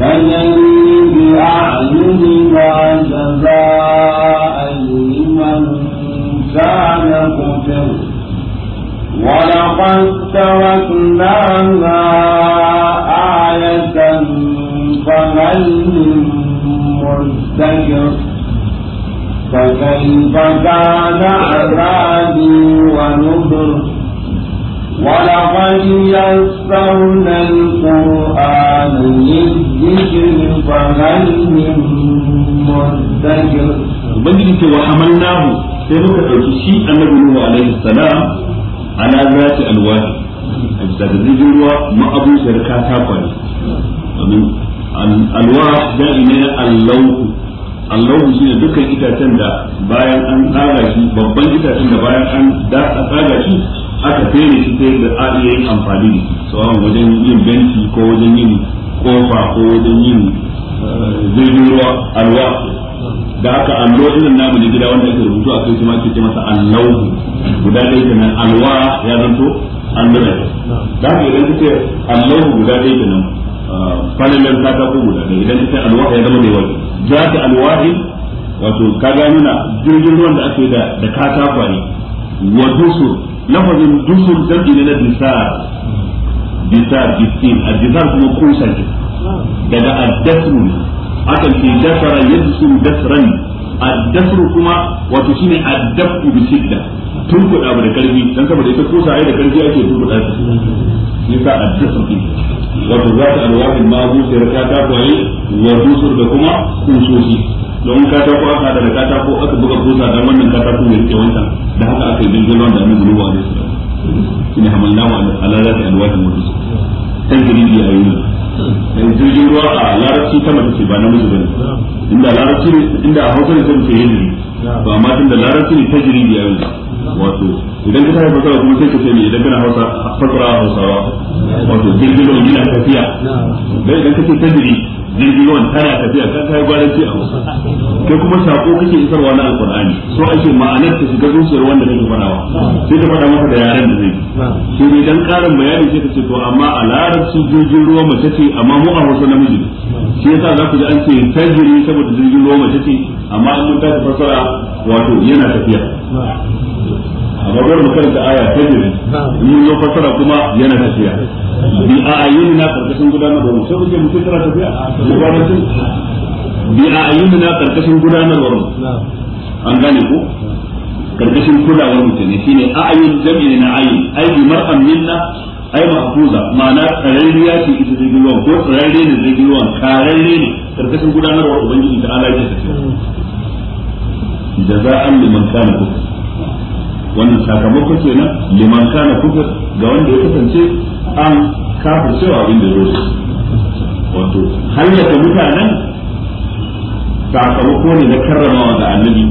فجري بأعيننا جزاء لمن كان كفر ولقد تركناها آية فهل من مرتجر فكيف كان عذابي ونذر ولقد يسرنا القرآن للذكر فهل من مرتجر وبنجد وحملناه سيبقى تلتشي النبي عليه السلام ala zati alwahi a bisa da jirgin ruwa ma'abushar katako ne domin alwa da'i ne allahu allahu ne dukkan itacen da bayan an tsaga shi babban itacen da bayan an da tsaga shi aka fere shi ta yadda a iya yin amfani da shi tsawon wajen yin benci ko wajen yin kofa ko wajen yin zirgin eh, ruwa alwa da haka allo irin namu ne gida wanda ake rubutu a kai ma ke ce masa allahu guda ɗaya kenan alwa ya zanto alluna da haka idan kace allahu guda ɗaya kenan ta katako guda ɗaya idan kace alwa ya zama mai wani za ta alwahi wato ka ga nuna jirgin ruwan da ake da da katakwa ne wa dusur lafazin dusur jam'i ne na disar disar bisin a disar kuma kusa daga addasmu akan ce dasara yadda yadsu dasran addasru kuma wato shine addabu bi shidda tun ba da karfi dan saboda ita ko sai da karfi ake tun kuɗa ta yasa addasru wato za ta alwahin ma sai raka ta kwaye wa dusur da kuma kusoshi don ka ta aka da raka ta ko aka buga kusa dan wannan ka ta kuma yake wancan da haka aka yi dangin da annabi ruwa ne salam shine hamalna wa ala zati alwahin wa dusur tanjiri bi yi dan jirgin ruwa a larabci ta mace ce ba namiji bane inda larabci inda a hausa ne sai muke yin ba ma larabci ne da wato idan ka tafi fasara kuma sai ka ce ne idan kana hausa fasara hausawa wato jirgin ruwa yana tafiya dan idan ka ce tajiri jirgin ruwan tana tafiya ta kai gwaranci a wasu kai kuma sako kake isarwa na alkur'ani so ake ma'anar ta shiga zuciyar wanda kake fadawa sai ta fada maka da yaren da zai shi ne dan karin bayani sai ka ce to amma a larabci jirgin ruwa mace ce amma mu a wasu namiji ne shi yasa za ku ji an ce tajiri saboda jirgin ruwa mace ce amma an mun ta fasara wato yana tafiya amma dole mu karanta aya ta jiri in yi fasara kuma yana tafiya bi a ayyuni na karkashin gudanarwa mu sai muke mutum tana tafiya da gwamnatin bi a ayyuni na karkashin gudanarwa an gane ko karkashin kulawar mutane shine a ayyun jami'i na ayyun ai bi mar'an minna ai mahfuza ma'ana tsarariya ce ita zai ruwan ko tsararre ne zai ruwan kararre ne karkashin gudanarwar ubangiji ta ala ya tafiya jaza'an liman kana kufur wannan sakamako kenan liman kana kufur ga wanda ya kasance an kafir cewa abin da zo wato hallaka mutanen sakamako ne na karramawa ga annabi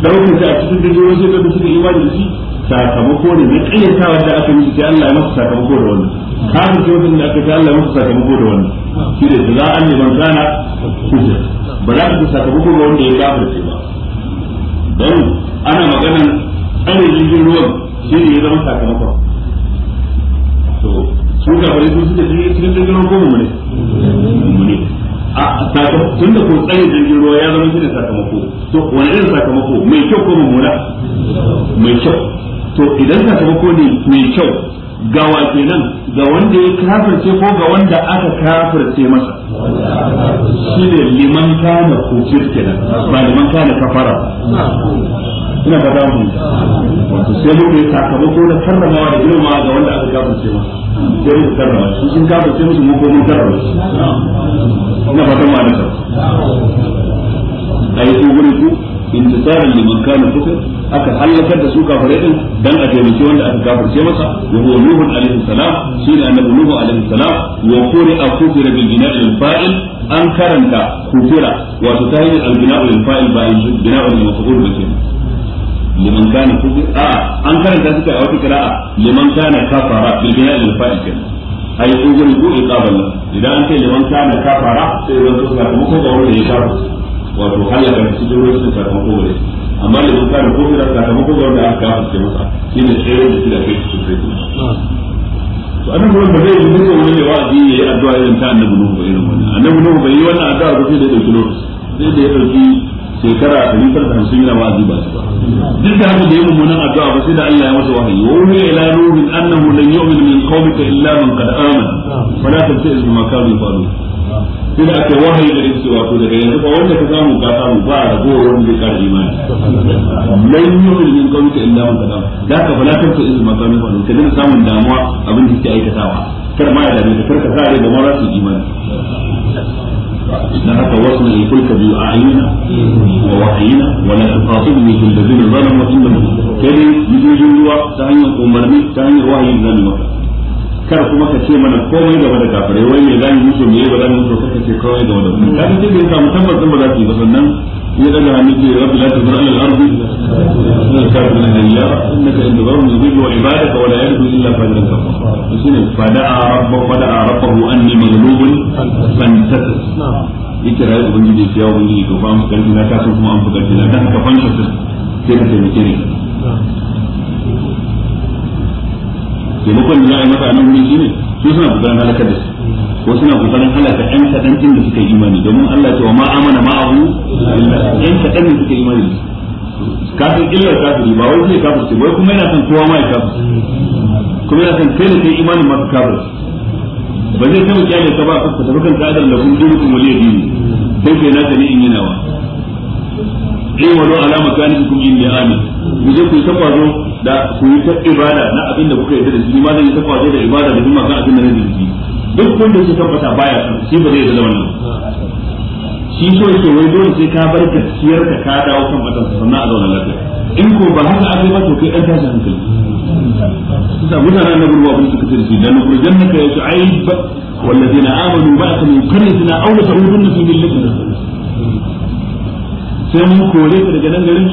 da a cikin dajiyar shi da imani shi sakamako ne na kayyatawa da aka yi ba za ka sakamako ga wanda ya kafirce ba don ana maganan tsare jirgin ruwan shi ne ya zama sakamakon to su ga bari su suka ji cikin jirgin ruwan goma ne ne a sakamakon tun da ko tsare jirgin ruwa ya zama shi ne sakamako to wani irin sakamako mai kyau ko mummuna mai kyau to idan sakamako ne mai kyau ga wa nan ga wanda ya kafirce ko ga wanda aka kafirce masa shi ne liman kana kufir nan ba liman kana kafara ina ba damu wato sai mu ne sakamako na karramawa da girma ga wanda aka kafirce masa sai mu karrama su sun kafirce musu mu ko mun karrama ina ba damu a nasa ai ko gure ku intisaran liman kana kufir aka halakar da su kafirai din dan a taimaki wanda aka kafirce masa wa huwa nuhu alaihi salam shine annabi nuhu alaihi salam wa quri'a kufira bil bina'i al an karanta kufira wato ta hanyar al bina'u al fa'il ba al bina'u al maf'ul ba kenan liman a an karanta suka a wata qira'a liman kana kafara bil bina'i idan an ce liman kana kafara sai ya kafara wato halaka da su jirin su sakamako gare amma da sun kofi kofira sakamako ga da aka kafa ce masa shi ne tsere da shi da kai su sai to annabi ruwan ba zai yi duka wani da wa'azi ya yi addu'a irin ta annabi nuhu ba irin wannan annabi nuhu bai yi wannan addu'a ba sai da ya dauki lokaci sai da ya dauki shekara 150 yana wa'azi ba su ba duk da haka da yi mummunan addu'a ba sai da Allah ya masa wahayi wa uhiya ila ruhin annahu lan yu'min min qawmika illa man qad amana fala tabta'is bima kanu yafalun sai da aka wahayi da wato daga yanzu ba wanda ka samu ka samu ba ragowar wanda ya kara imani lan yu'min min qawmika illa man qad amana da ka fala tabta'is bima kanu yafalun ka dinga samun damuwa abin da yake aikatawa kar ma ya dame ka kar ka sa da mara su imani na haka wasu ne kulka biyu a ayyuna wa wahayina wa la tuqatibni fil ladina zalamu innahum kai mijojin ruwa ta hanyar umarni ta wahayi da kar kuma ka ce mana komai game da kafirai wai me zan yi musu me ba zan musu ce game da mu kan ce ba za ba sannan ya daga hannu ce rabbi la tazra ala al-ardi kafin hayya innaka in tazarhum yudillu ibadaka wa la yalidu illa fajiran kafara shine fada'a rabbahu fada'a rabbahu anni maghlubun fantasir yake rayu ubangiji ya yawo ubangiji to ba mu karfi na ta kuma an fi karfi na taimakon da za a yi masa a nan wurin shine su suna kokarin halakar da su ko suna kokarin halaka ɗan kaɗan ɗin da suka yi imani domin Allah ce wa ma amana ma abu ɗan kaɗan da suka yi imani da su kafin illar kafiri ba wai zai kafirce wai kuma yana son kowa ma ya kafirce kuma yana son kai da kai imanin masu kafirce ba zai taɓa kyale ka ba ka tafi kan ka'adar da kun dinku waliyadini kai na ta ne in yi nawa alama iwalo ala makanikukum inni amin ku je ku tafazo da ku yi ta ibada na abin da kuka yi da shi ma zai tafazo da ibada da kuma kan abin da nake yi duk da ya tabbata baya shi ba zai da wannan shi so yake wai dole sai ka bar gaskiyar ka ka dawo kan matansa sannan a zauna lafiya in ko ba haka aka yi ba to kai ɗan tashi hankali kusa mutane na gurbawa abin suka ce da shi da nukuri jannaka ya shu'aib والذين آمنوا معك من قريتنا أو لتعودن في ملتنا sai mun kore ta daga nan garin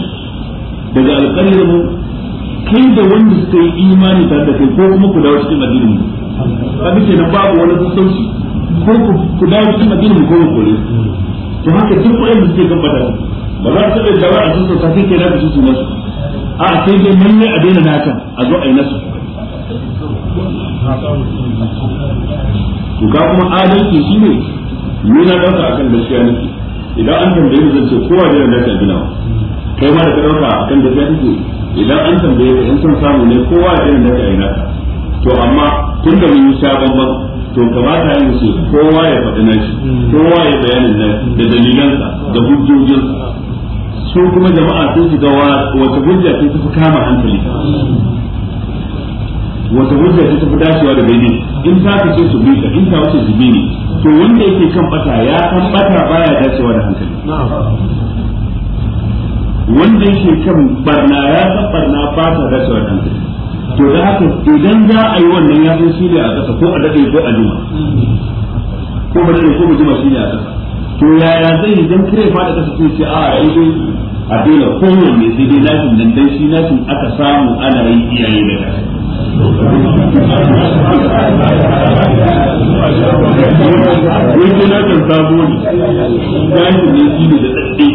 daga alƙalin mu kai da wanda suka yi imani tare da kai ko kuma ku dawo cikin addinin mu kaga kenan babu wani sassauci ko ku dawo cikin addinin mu ko ku kore to haka duk wanda suke kan fada ba za su taɓa dawo a cikin sa sai kenan su su nasu a sai dai mun ne a daina naka a zo a yi nasu to ga kuma adalci shine ne na dauka akan gaskiya nake idan an tambaye mu zance ce kowa da yadda ka gina kai ma da ka dauka akan da kai kake idan an tambaye ka in son samu ne kowa da yadda ka yi naka to amma tun da mun sha bamban to kamata yin su kowa ya faɗi shi kowa ya bayanin na da dalilansa da hujjojinsa su kuma jama'a sun shiga wata hujja sun fi kama hankali wata hujja ta tafi dacewa da daidai in ta ka ce su bi ka in ta wace su ne to wanda yake kan bata ya kan bata baya dacewa da hankali wanda yake kan barna ya san barna ba ta dacewa da hankali to da haka idan za a yi wannan ya san shi ne a ƙasa ko a daɗe ko a juma ko ba daɗe ko ba juma shi ne a ƙasa to yaya zai idan kire fa da ƙasa sai ce a yi zai a dole kowanne sai dai nashin dandanshi shi nashin aka samu ana yi iyaye da kasa wai ko na kan sabo ne ne shi ne da tsaddi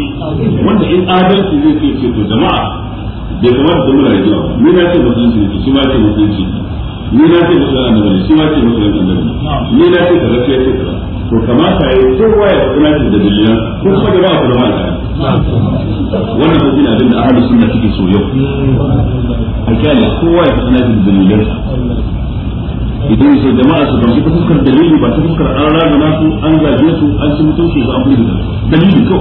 wanda in adalci zai ce ce to jama'a bai da ni na ce musulunci ne shi ma ce ni na ce musulunci ne shi ma ce ni na ce ce to kamata ya yi kowa ya faɗi nashi da dalilan ko kuma da ba ku da ma wannan ko ina abin da ahadu sunna cikin so yau a kyale kowa ya faɗi nashi da dalilan idan sai jama'a su gamsu ta fuskar dalili ba ta fuskar an razana su an zage su an ci mutunci su an fi dalili to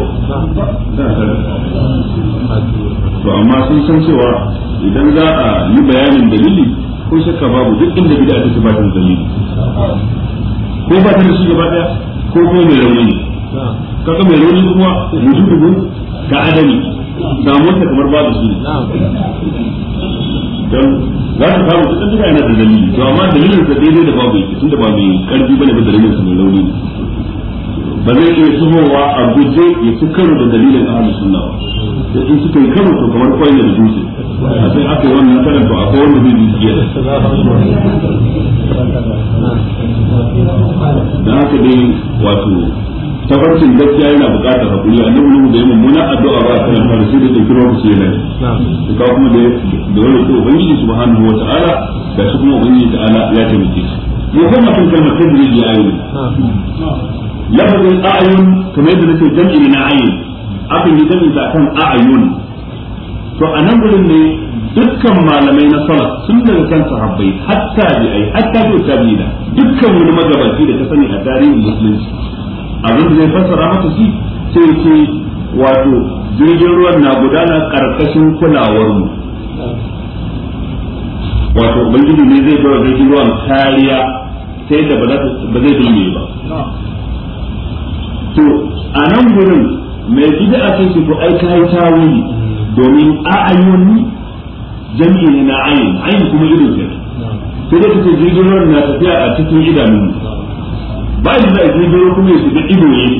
to amma sun san cewa idan za a yi bayanin dalili ko shakka babu duk inda bid'a ta ba ta dalili ko ba ta da shi gaba daya ko kuma mai rauni ne kaga mai rauni kuma dubu ka adami samuwar ta kamar babu shi don za ta samu duk duka yana da dalili to amma dalilin sa daidai da babu yake tunda ba mai karfi bane da dalilin sa mai rauni ne ba zai iya sumowa a guje ya ci karo da dalilin ahlus sunna ba da in suka yi karo to kamar kwai da dutse a sai aka wannan karin ba akwai wanda zai da haka dai wato tafarkin gaskiya yana buƙatar hakuri a nan da yamma muna addu'a ba kana fara sai da kira ku sai nan to ka kuma da da wani ko ubangiji subhanahu wata ala da su kuma ubangiji ala ya taimake shi ya kuma kan kalmar tadriji ayyun lafazin ayun kamar yadda nake jam'i na ayun akan yi jam'i ta kan ayun to a nan gudun ne dukkan malamai na salaf sun daga kan sahabbai hatta ai hatta bi da dukkan wani magabaci da ta sani a tarihin musulunci abin da zai fassara maka shi sai ce wato jirgin ruwan na gudana karkashin kulawar mu wato ubangiji ne zai bar jirgin ruwan kariya sai da ba zai dole ba to a nan gudun mai a kai shi ko ai yi tawuni. domin a'ayuni jam'i ne na ayin ayin kuma irin ke sai da kuke jirgin ruwan na tafiya a cikin idanun ba shi da jirgin ruwan kuma ya shiga ido ya yi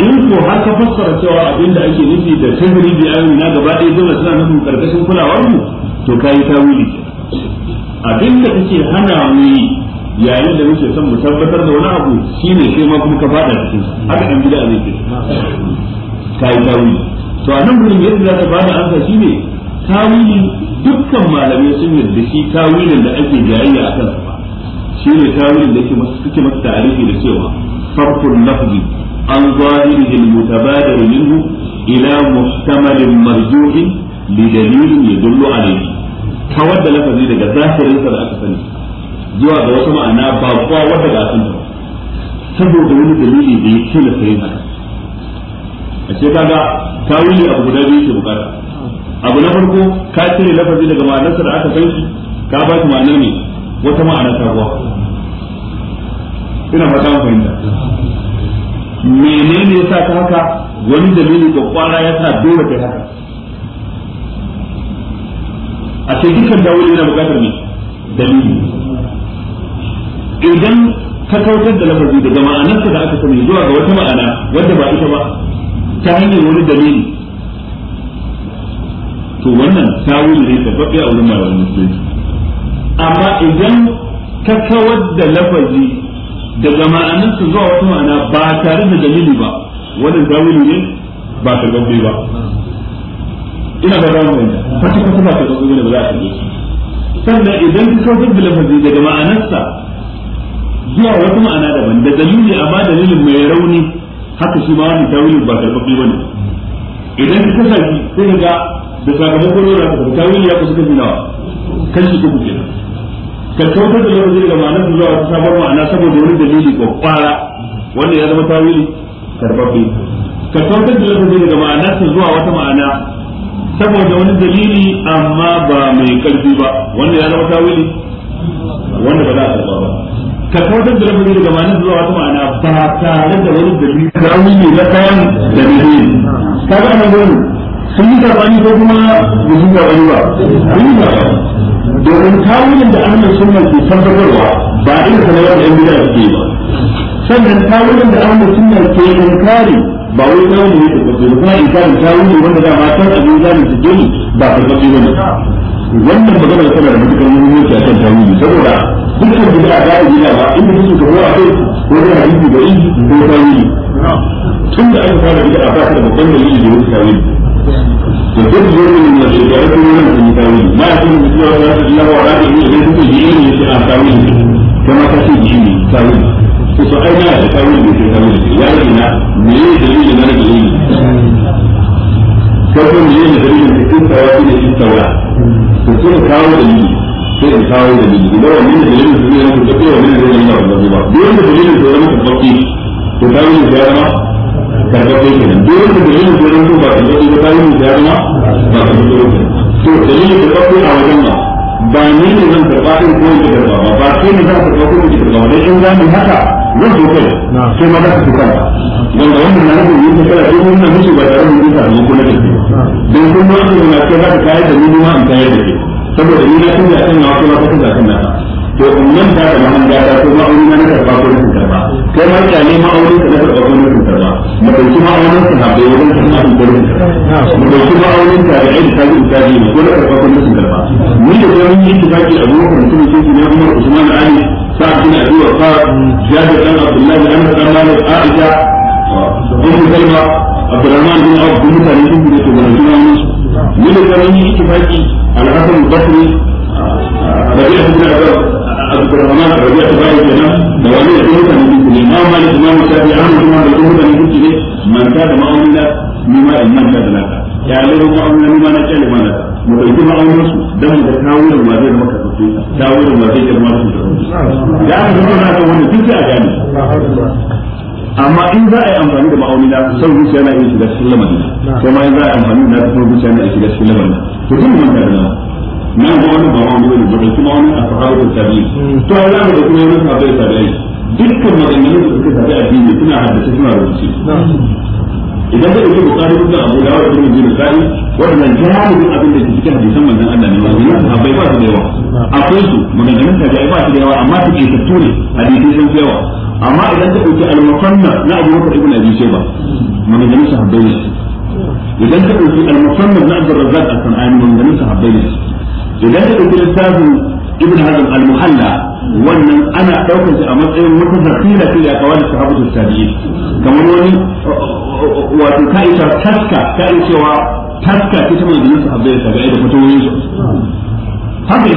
in ko har ka fassara cewa abin da ake nufi da tajiri bi ayin na gaba ɗaya zama suna nufin karkashin kulawar mu to kayi tawili abin da kake hana mu yi yayin da muke son mu tabbatar da wani abu shine sai ma kuma ka fada cikin haka dan gida zai ke yi tawili to a nan gudun yadda za ta bada ansa ne tawili dukkan malamai sun yarda shi tawilin da ake jayayya a sa ba ne tawilin da yake masa suke masa da cewa farkon lafzi an zahirihi al-mutabadir minhu ila muhtamalin marjuhin li dalilin yadullu alayhi kawar da lafazi daga zahirin sa da aka sani zuwa ga wasu ma'ana ba kuwa wadda ga ta saboda wani dalili da ya tilasta yin ashe ce kaga tawili abu guda biyu ke bukata abu na farko ka cire lafazi daga ma'anarsa da aka san shi ka ba shi ma'anar ne wata ma'anar ta ruwa ina fata mun fahimta menene yasa ta haka wani dalili da kwara ya sa dole ta haka a ce dukkan tawili yana bukatar ne dalili idan ka kautar da lafazi daga ma'anarsa da aka sani zuwa ga wata ma'ana wanda ba ita ba ta hanyar wani dalili to wannan tawili ne tabbabi a wurin malamin musulunci amma idan ka kawar da lafazi daga ma'anarsa zuwa wata ma'ana ba tare da dalili ba wannan tawili ne ba ta gabbe ba ina ba za mu wanda fata fata ba ta gabbe ne ba za a kalle shi sannan idan ka kawar da lafazi daga ma'anarsa zuwa wata ma'ana daban da dalili amma dalilin mai rauni haka shi ma wani tawilin ba karfafi ba idan ka kasa sai ga da sakamakon yau da ka tafi tawili ya kusa kashi nawa shi kuku kenan ka kautar da lokacin da ma'anar da zuwa ta sabon ma'ana saboda wani dalili ko kwara wanda ya zama tawili karfafi ka kautar da lokacin da ma'anar ta zuwa wata ma'ana saboda wani dalili amma ba mai karfi ba wanda ya zama tawili wanda ba za a karɓa ba ka kautar da lafazi da ma'anar zuwa wata ma'ana ba tare da wani dalili rawi ne na kayan dalili ka ga nan gurin sun yi sabani ko kuma ba ga wani ba domin kawunan da ahlus sunna ke tabbatarwa ba irin sanarwar da yan bid'a suke ba sannan kawunan da ahlus sunna ke inkari ba wai tawilin ne da kuma inkarin tawilin wanda da ma san abin zamani su ba tabbaci bane wannan magana tana da matukar muhimmanci kan tawili saboda dukkan bid'a da ake yi ba inda kike ka kowa kai ko da yi da yi ko tawili tun da aka fara bid'a ba ta da babban yi da tawili da duk zuwa ne da shi da yake da wani tawili ma ya kuma da ya subhanahu wa ta'ala ne da ya yi ya shi a tawili kuma ka ya shi ne tawili ko to ai na da tawili da tawili ya rina me ne dalili na dalili ko ne dalilin da kuka yi da to sai in kawo dalili sai in kawo dalili idan wannan da dalilin yi ne mutum tafiya wannan da dalilin na wannan ba duk da dalilin su ne mutum tafiya to kawo ne ya zama karɓaɓɓe kenan duk wanda dalilin su ne mutum ba karɓaɓɓe ba kawo ne ya zama ba karɓaɓɓe kenan to dalilin karɓaɓɓe a wajen ma ba ni ne zan karɓa ko in karɓa ba ba ne za ka karɓa ko ba dan in za mu haka zai so kai sai ma za ka so kanta wanda wannan na yi yin kasara sai mun musu ba tare da mun samu ko na kai don kun ma su na ce za ka kayar da mun ma kayar da ke saboda ni na san da kan nawa kuma kasan da kan naka to in nan ta da mahan gata ko ma na na ko na karba kai ma ka ne ma ka na karba ko na karba mu dauki ma auren ka habbe wurin ka na karba mu dauki ma auren ka da ai ta ji ta yi ko na karba ko na karba mun da mun yi tafaki a gurin mutum sai ne Umar Usman Ali سعد بن ابي وقاص جابر بن عبد الله بن انس بن مالك عائشه ام سلمه عبد الرحمن بن عوف بن مثل يجب ان تبرزون من الجميع اتفاقي على حسن البصري ربيعه بن عبد الرحمن ربيعه بن عبد الرحمن دوالي الجمهور كان يجب ان امام مالك امام الشافعي امام الامام الجمهور كان يجب ان من كان مؤمنا مما ان كان ثلاثه يعني لو مؤمنا مما نكان مما نكان وتجمع امر dan mu tawurin ma zai zama kasance tawurin ma zai girma su da aka zama na ga wannan duk a gane amma in za a yi amfani da ma'auni na son zuciya na shiga cikin lamarin ko ma in za a yi amfani da son zuciya na iya shiga cikin lamarin to duk mun da nan na ga wani ba wani wani ba kuma wani a sahabu tabi'i to ai zamu da kuma wani sahabu tabi'i dukkan maganganun da suka a addini suna haddace suna rubuce idan da yake bukari da abu da wani da yake bukari wannan jami'in abin da ke cikin hadisan manzon Allah ne ba ne abai ba su da yawa akwai su maganganun da ba su da yawa amma su ke tattu ne hadisi sun yawa amma idan ka dauki al-musanna na Abu Bakar ibn Abi Shayba maganganun sahabbai ne idan ka dauki al-musanna na Abdul Razzaq al-Sanani maganganun sahabbai ne idan ka dauki littafin ibn hazm wannan ana daukar a matsayin wata zakira ce ya kawai sahabatu tabi'in kamar ta manzon sahabbai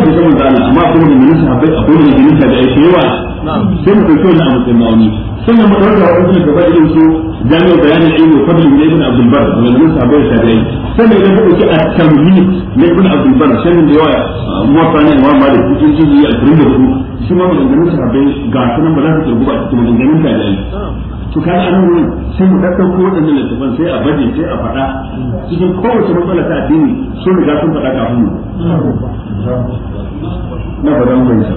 da tabi'ai da sai mu ɗauki wannan a ma'auni sannan mu ɗauka wa ɗauki gaba irin su jami'ar bayanin ilmi wa fadlin na ibn abdul bar da malamin sa bai tabi'i sannan idan ka ɗauki at-tamhid na ibn abdul bar shanin da yawa muwafanin wa malik cikin jiji su shi ma maganganun sa bai ga sunan ba za su tsirgu ba cikin maganganun to kaga anan wurin sai mu daddan ko wadannan littafan sai a baje sai a faɗa cikin kowace matsala ta addini sun riga sun faɗa ka mu na ba dan bai da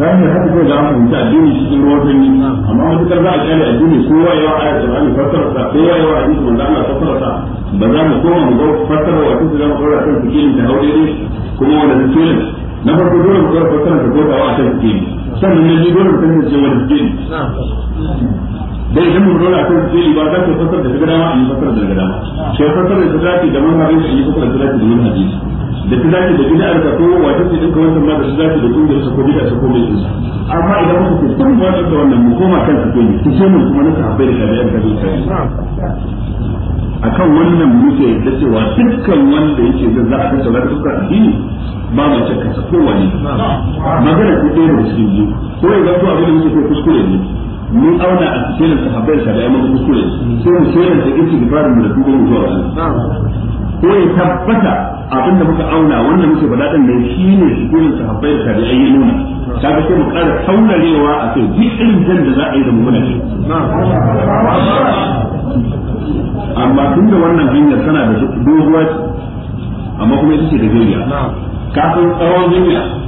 kai ne haka zai ga mun ta addini cikin ruwan sanyi amma wani kar za a kare addini ko yawa a ayatul ni fassara ta ko wayewa a hadisi manzo Allah fassara ta ba za mu koma mu ga fassara wa kuma za mu fara kan cikin da haure ne kuma wanda cikin na farko dole mu fara fassara ta ko ta wa ta cikin sannan ne dole ka tantance wani jini dai idan mun dora kan jini ba za ka fasar da daga dama a yi fasar da daga dama ke fasar da zaki da manhajin a yi fasar da zaki da manhajin da ta zaki da bid'ar ka ko wato ce duka wannan ma da ta zaki da kungiyar sa ko bid'ar sa ko mai tsinsa amma idan muka ce kun ba da wannan mu koma kan su ne ku ce mun kuma na sahabbai da tabi'an da zuciya akan wannan muke da cewa dukkan wanda yake da za a tattauna da dukkan addini ba mu cika sa ko wani magana ku ɗaya da shi biyu ko ya zanto abin da muke ko kuskure ne mun auna a cikin sahabbai da ya mun kuskure ko mun shirya da gici da barin da kuma zuwa Allah ko ya tabbata abin da muka auna wanda muke faɗa din ne shine shugurin sahabbai da tabi'ai ya nuna kaga sai mu ƙara taurarewa a kai duk irin da za a yi da mu muna amma tun da wannan hanyar tana da dogon amma kuma ita ce da juriya kafin tsawon hanya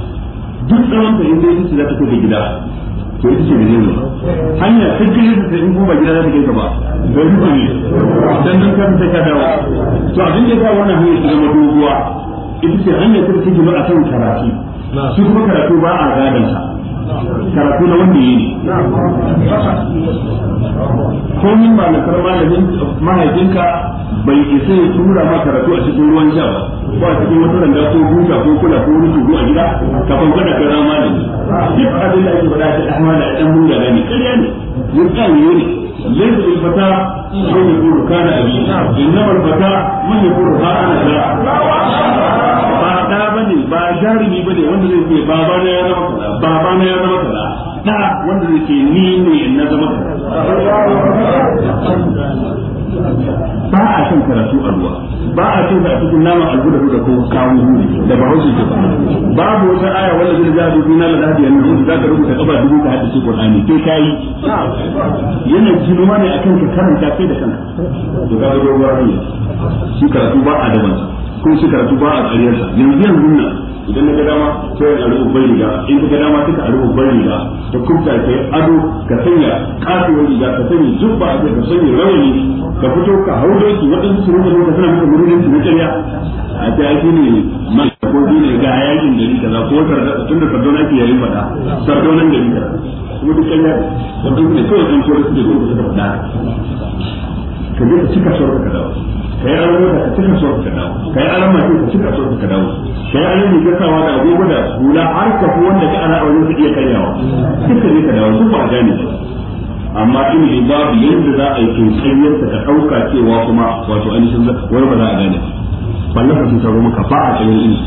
duk tsawon ta inda yake za ta so gida to ita ce menene ba hanya duk gida ta in ko gida za ta kai ba bai rufe ne dan nan ka ta ka dawo to abin da ya wannan hanya ta zama doguwa ita ce hanya ta take gina a kan karatu shi kuma karatu ba a gadan sa karatu na wanda yi ne komin ba na malamin mahaifinka bai isa ya tura ma karatu a cikin ruwan sha ba a cikin wata randa ko huta ko kula ko wani tugu a gida ka fanka da kira ne duk abin da ake faɗa ta ɗan da ɗan huda na ne ƙarya ne yurka ne ne laifin ilfata zai ne kuru kana abi inna malfata mun ne kuru ha ana da ne ba jarumi bane wanda zai ce baba na ya zama kaza baba na ya zama kaza da wanda zai ce ni ne na zama kaza ba a shan karatu a ruwa ba a cin a cikin nama alguda da ko kawo hudu da ba hausa ke babu wata aya wanda zai za a dubi na da a nan za ka rubuta kaba dubu ka haddace qur'ani kai kayi yana jinuwa ne akan ka karanta kai da kanka to ka ga dogon hanya shi karatu ba a da wannan sun shi karatu ba a tsariyarsa yanzu yanzu na idan na ga ma sai a rubu bari da in ka gada ma sai a rubu bari riga ta kuka ta yi ado ka sanya wani riga ka sanya zubba a ka sanya rawani ka fito ka hau yake waɗansu su rubuta ka suna maka murnin su na ƙarya a ta ne man ko ne ga yakin gari ko sarda ke yayin gari kuma duk ƙarya ne kawai da gudu suka ka je ka cika sauran ka dawo kai an rota ka cika so ka dawo kai an rama ka cika so ka dawo kai an yi ka sawa da agogo da hula har ka fi wanda ka ana aure ka iya karyawa duka ne ka dawo su ba gane amma in yi babu yadda za a yi kinsayyar ka ɗauka cewa kuma wato ainihin wani ba za a gane wallafa sun taro maka ba a tsayin ini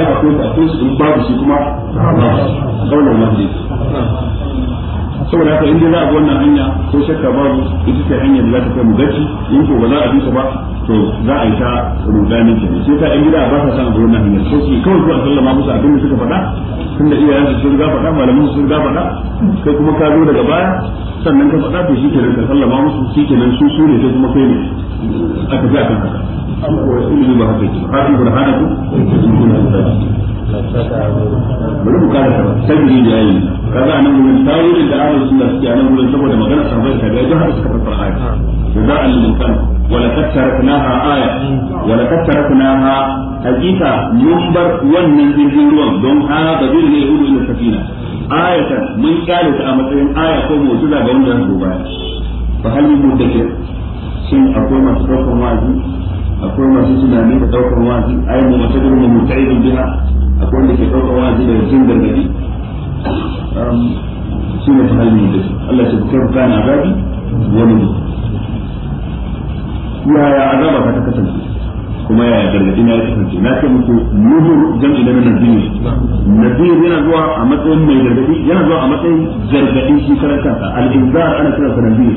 ya akwai ta akwai su in babu shi kuma kaunar mahdi saboda haka in dai za a bi wannan hanya ko shakka babu ita ce hanyar da za ta kai mu gaci in ko ba za a bi ta ba to za a yi ta rudani ke sai ta in gida ba ta san zuwa nan so su kawai ko a sallama musu abin da suka faɗa tunda iyayen su sun ga faɗa malamin su sun ga faɗa kai kuma ka zo daga baya sannan ka faɗa to shi kenan ka sallama musu shi kenan su su ne sai kuma kai ne aka fi akan haka an koyi ilimi ba haka har ibn bari mu kara ba ji da yayi kaga anan gurin tawilin da ahlus sunna suke anan gurin saboda magana bai ta ga har suka fara ayat da mun kan wala kad taraknaha aya wala kad taraknaha hakika mun bar wannan jirgin ruwan don ha da jirgin ne hudu ila safina ayatan mun kare ta a matsayin aya ko mu'jiza ga wanda zai baya fa hal min mudakkir shin akwai masu daukar wa'azi akwai masu tunani da daukar wa'azi ayyuka mutadin muta'idin biha akwai wanda ke ɗauka wa'azi daga cikin gargaɗi shi ne fahal mai da Allah ya kai ka na azabi wani ne yaya azaba ka ta kasance kuma yaya gargaɗi na ya kasance na ce muku nuzur jam'i na naziru naziru yana zuwa a matsayin mai gargaɗi yana zuwa a matsayin gargaɗi shi karan kansa al-inzar ana kiransa naziru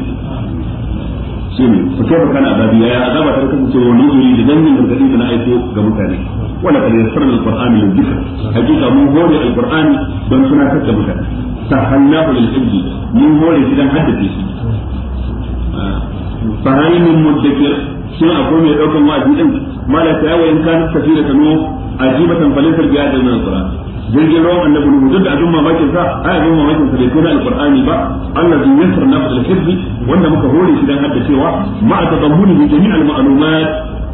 shine fa kai kana azabi ya azaba ta kasance wa nuzuri da dangin gargadi da na aiko ga mutane wala kad yasarna alqur'ani lil dhikr hakika mun hore alqur'ani don suna da mutane sahalnahu lil ibdi mun hore shi dan haddace shi ah, fa min mudakkir shin akwai mai daukan wa'azi din mala ta yawa in kana tafira kanu ajibatan falaysa bi'adil min alqur'ani jirgin ruwan annabi nuhu duk da abin mamakin sa ai abin mamakin sa bai kona alqur'ani ba Allah zai yassara na fadal kirbi wanda muka hore shi dan hadda cewa ma atadammuni bi jami' ma'lumat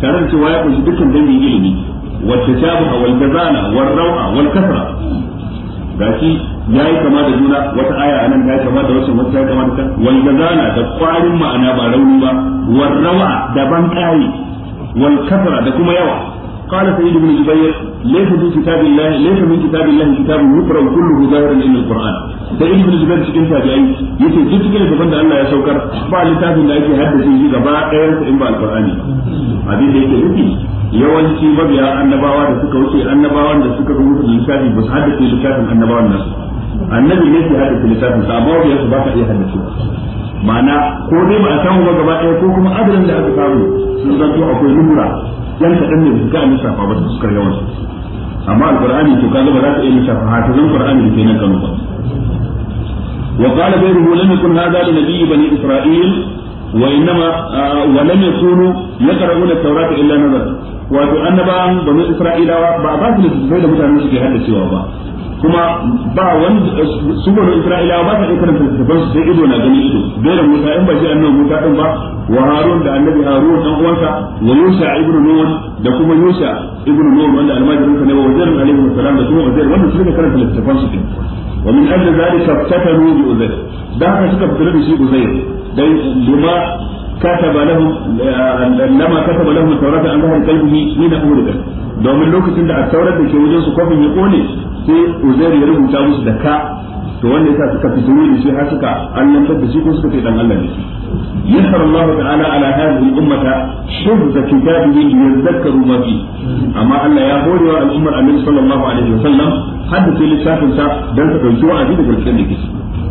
tare da cewa ya kunshi dukkan dangin ilimi wa tashabuha wal jazana wal rawa wal kasra gashi yayi kama da juna wata aya anan ya kama da wasu wata ya kama da wal jazana da kwarin ma'ana ba rauni ba wal rawa da ban kai wal kasra da kuma yawa قال سيد بن جبير ليس من كتاب الله ليس من كتاب الله كتاب يقرا كله ظاهرا الا القران سيد بن جبير cikin tabi'ai yace duk cikin littafin da Allah ya saukar ba littafin da ake haddace shi gaba ɗayan sa in ba abin da yake yawanci mabiya annabawa da suka wuce annabawan da suka rubuta littafi ba su haddace littafin annabawan nasu annabi ne ke haddace littafin sa ba ka iya ma'ana ko dai ba a samu ba gaba ɗaya ko kuma adadin da aka samu sun zanto akwai lura yan kaɗan ne su ga an lissafa ba su suka yawan su amma alqur'ani to kaga ba za ka iya lissafa hafizan qur'ani da ke nan kanu ba وقال غيره لم يكن isra'il wa بني إسرائيل وإنما ولم يكونوا يقرؤون التوراة illa نظرا wato annabawan banu isra'ilawa ba ba su littattafai da mutanen su ke haddacewa ba kuma ba wani su banu isra'ilawa ba sa iya karanta su sai ido na gani ido gaira musa in ba shi annabi musa din ba wa harun da annabi harun dan uwansa wa yusha ibnu nun da kuma yusha ibnu nun wanda almajirin sa ne wa wajen alaihi wasallam da kuma wajen wanda suka karanta littattafan su din wa min ajli zalika bi uzair da haka suka fitar da shi uzair dan lima كتب لهم لما كتب لهم التوراة عن ظهر na حين أولد domin lokacin da a taurar da ke wajen su kofin ya kone sai uzair ya rubuta musu da ka to wanda yasa suka fito da shi har suka allantar da shi ko suka ce dan Allah ne يسر الله تعالى على هذه الأمة حفظ كتابه ليذكروا ما فيه أما أن يا هوري الأمة النبي صلى الله عليه وسلم حدث لسافر سا دلت كنتوا عزيزة كالكلمة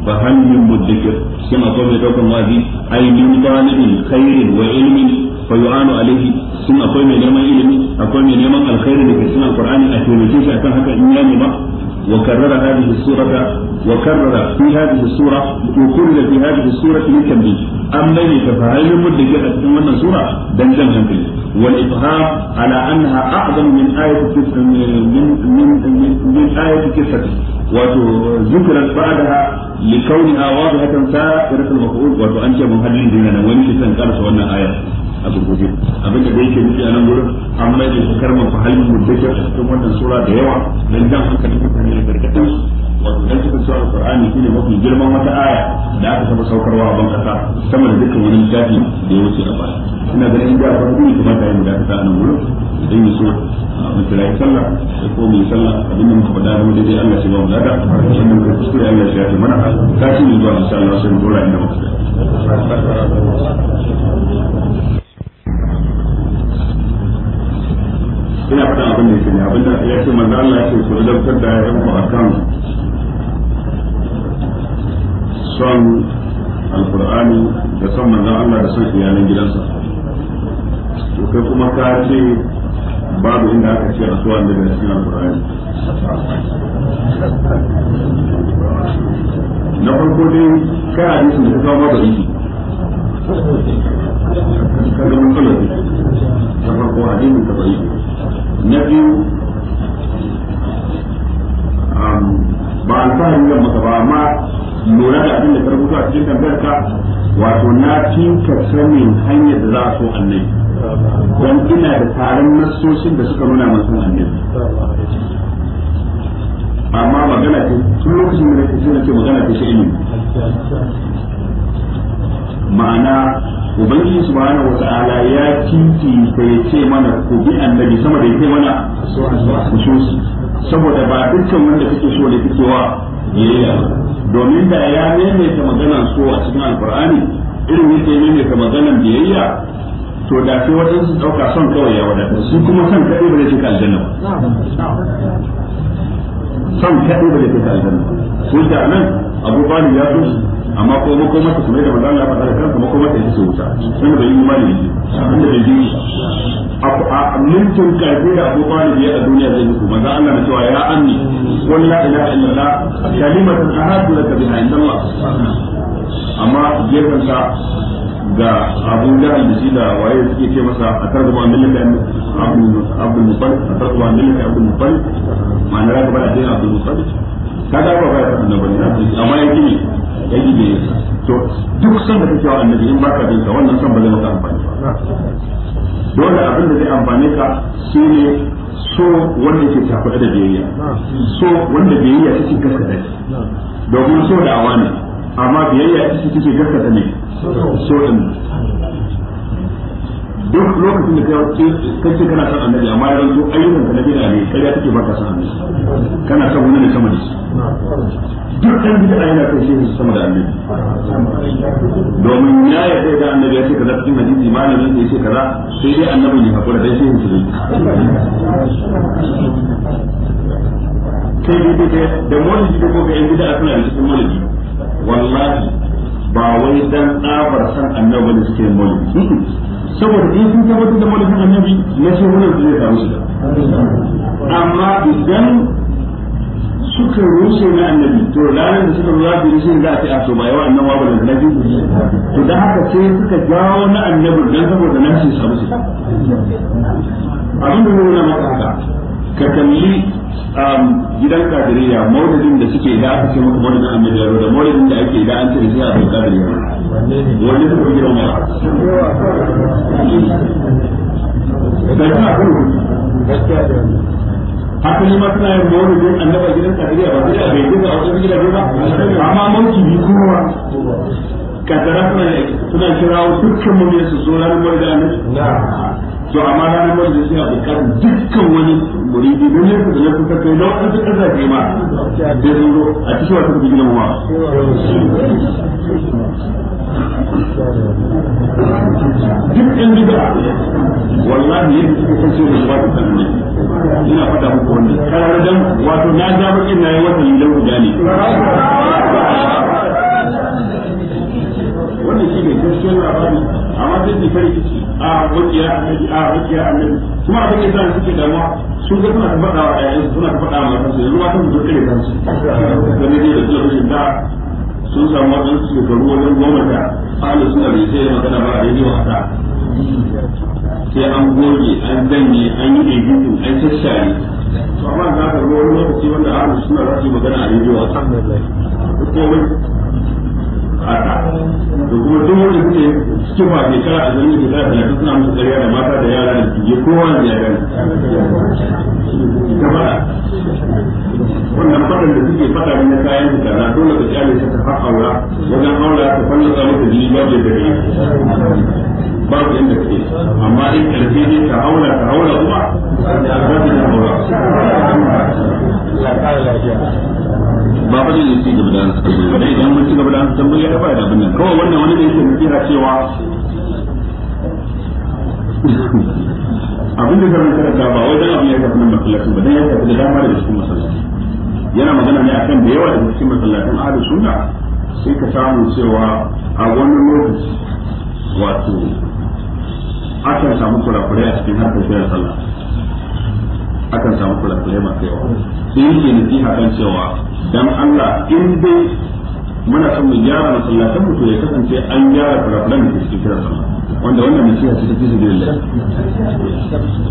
فهل من مدكر كما قوم يتوقع الله أي من طالب خير وعلم فيعان عليه ثم أقوم ينمى علم أقوم ينمى الخير لكسنا القرآن أتونيكيش أكون هكا إنياني ما وكرر هذه السورة وكرر في هذه السورة وكرر في هذه السورة للتنبيه أما فهل يمد جهة من السورة دنجم هنبي والإبهام على أنها أعظم من آية من من من, من آية كسة وذكرت بعدها لكونها واضحة سائرة المفعول وأنت مهلين ديننا ومن كسان قال سواء آية a gurguje abin da yake nufi a nan gurin an mai da shakar mafi halin muddakar a cikin wannan sura da yawa dan jan hankalin mutane da gargaɗin wato dan cikin sura alqur'ani shine mafi girman wata aya da aka saba saukarwa a ban kasa sama da dukkan wani jafi da ya wuce a baya ina ganin da ba ku kuma da yin da aka nan gurin idan yaso mu kira sallah da ko mai sallah abin da muka faɗa da mu dai Allah shi ba mu lada sannan ko kuskure Allah shi ya ta mana ta kashi ne zuwa insha Allah sai mu dora inda muka ina faɗa abin da yake ne abin da ya ce manzo Allah ya ce ku ladabtar da yayin ku akan son alqur'ani da son manzo Allah da son iyalan gidansa to kai kuma ka ce babu inda aka ce a suwan daga cikin alqur'ani na farko dai kai hadisin da kuma babu yi kaga mun kula da farko hadisin ka yi na biyu um, ba an sa hanyar maka ba amma lura da abin da ta rubuta a cikin tambayarka wato na tinka sanin hanyar da za a so annabi don ina da taron nassoshin da suka nuna masu annabi amma magana ce tun lokacin da nake ce magana ce shi ilimi ma'ana ubangiji subhanahu wata'ala ya titi ya ce mana ku bi annabi sama da ya mana su saboda ba dukkan wanda kake so da kake wa biyayya domin da ya maimaita maganar so a cikin alqur'ani irin yake maimaita maganar biyayya to da sai su ɗauka son kawai ya wada su kuma son kaɗai ba zai cika aljanna ba son kaɗai ba zai cika aljanna ba da nan abu ya so amma ko makomar su mai da manzo Allah ya faɗa da kansa makomar ta su wuta sun da yi imani ne sun da yi a mintin karfe da Abu Talib ya a duniya zai mutu manzo Allah na cewa ya anni qul la ilaha illallah kalimatu ahadu laka biha inda Allah amma gefen sa ga abu da da shi da waye suke ce masa a tarzu ba millin da abu abdul mubal a tarzu ba millin da abdul mubal ma'ana da ba da abdul mubal kada ba ba da fara na amma yake ne ya dan ibe to duk san da kake wa annabi in baka bin ka wannan san ba zai maka amfani ba dole abin da zai amfane ka shine so wanda ke tafi da biyayya so wanda biyayya take gaskata shi domin so da awa ne amma biyayya take take gaskata ne so din duk lokacin da kai kace kana san annabi amma ya zo ayyukan ka na bid'a ne kai ya take baka san annabi kana san wani ne sama da shi duk kan bid'a yana kai shi sama da annabi domin ya yarda da annabi ya ce kaza cikin hadisi malamin da yake kaza sai dai annabi ya hakura dai sai shi kai dai da mulki da kuma yan bid'a suna da cikin mulki wallahi ba wai dan tsabar san annabi da suke mulki saboda in sun tabbatar da malamin annabi na shi wannan zai samu shi amma idan suka rushe na annabi to ranar da suka zuwa su rushe za a ce a so ba yawa annan wabar da nabi to da haka ce suka jawo na annabi dan saboda na shi samu shi abin da nuna maka haka ka kalli um, gidan kadiriya maulidin da suke da aka ce maka maulidin annabi yaro da maulidin da ake da an ce da shi ne. bai kadiriya wanda suka gina ma asali ma suna yin maulidin annabi gidan kadiriya ba sai a bai duka a wasu gidan ba amma mulki bi kowa kadara suna suna dukkan mu ne su zo ranar maulidin annabi to amma ranar majalis a bukatar dukkan wani muridi don yin da lafi kakai da waɗansu ƙasashe ma da sun zo a cikin wata kuma gina ma duk ɗan gida wallahi yadda suka kwanci da zuwa ta sanne ina faɗa muku wannan karar dan wato na ja baki na yi wata lilan guda ne wannan shi ne gaskiyar labarin amma sai ke kare kici a wakiya annabi a wakiya annabi kuma abin da yasa suke damuwa sun ga suna faɗa wa ƴaƴan suna faɗa wa kansu ta ma sun zurkare kansu wani ne da zuwa rashin da sun samu wajen shekaru wajen goma da ahalin suna bai sai magana ba a rediyo a ta sai an goge an danye an yi editin an shashare to amma za ka ruwa lokaci wanda ahalin suna za su yi magana a rediyo a ta haka da kuma duk wanda suke cikin ba mai kara azumi da shekara da suna musu ƙarya da mata da yara da suke kowa da yara ita ba wannan fadan da suke fada ne na kayan su kana dole ka kyale ta ta haƙaura wajen haura ta fallasa mata jini ba da dare ba ku inda ke amma in ƙarfi ne ka haura ka haura kuma ba ta haura ba fa zai ci gaba da an tambaye dai idan mun ci gaba da an ya ba da abin nan kawai wannan wani da yake nasiha cewa abin da zan karanta ba wai dan abin ya tafi nan masallaci ba dan ya tafi da dama da cikin masallaci yana magana ne akan da yawa daga cikin masallacin ahlus sunna sai ka samu cewa a wani lokaci wato akan samu kurakurai a cikin harkar sallah akan samu kurakurai masu yawa yake na nasiha kan cewa dan Allah in dai muna son mu gyara masallatan mu to ya kasance an gyara kurakuran da suke kira sallah wanda wannan nasiha ce ta fi su lalle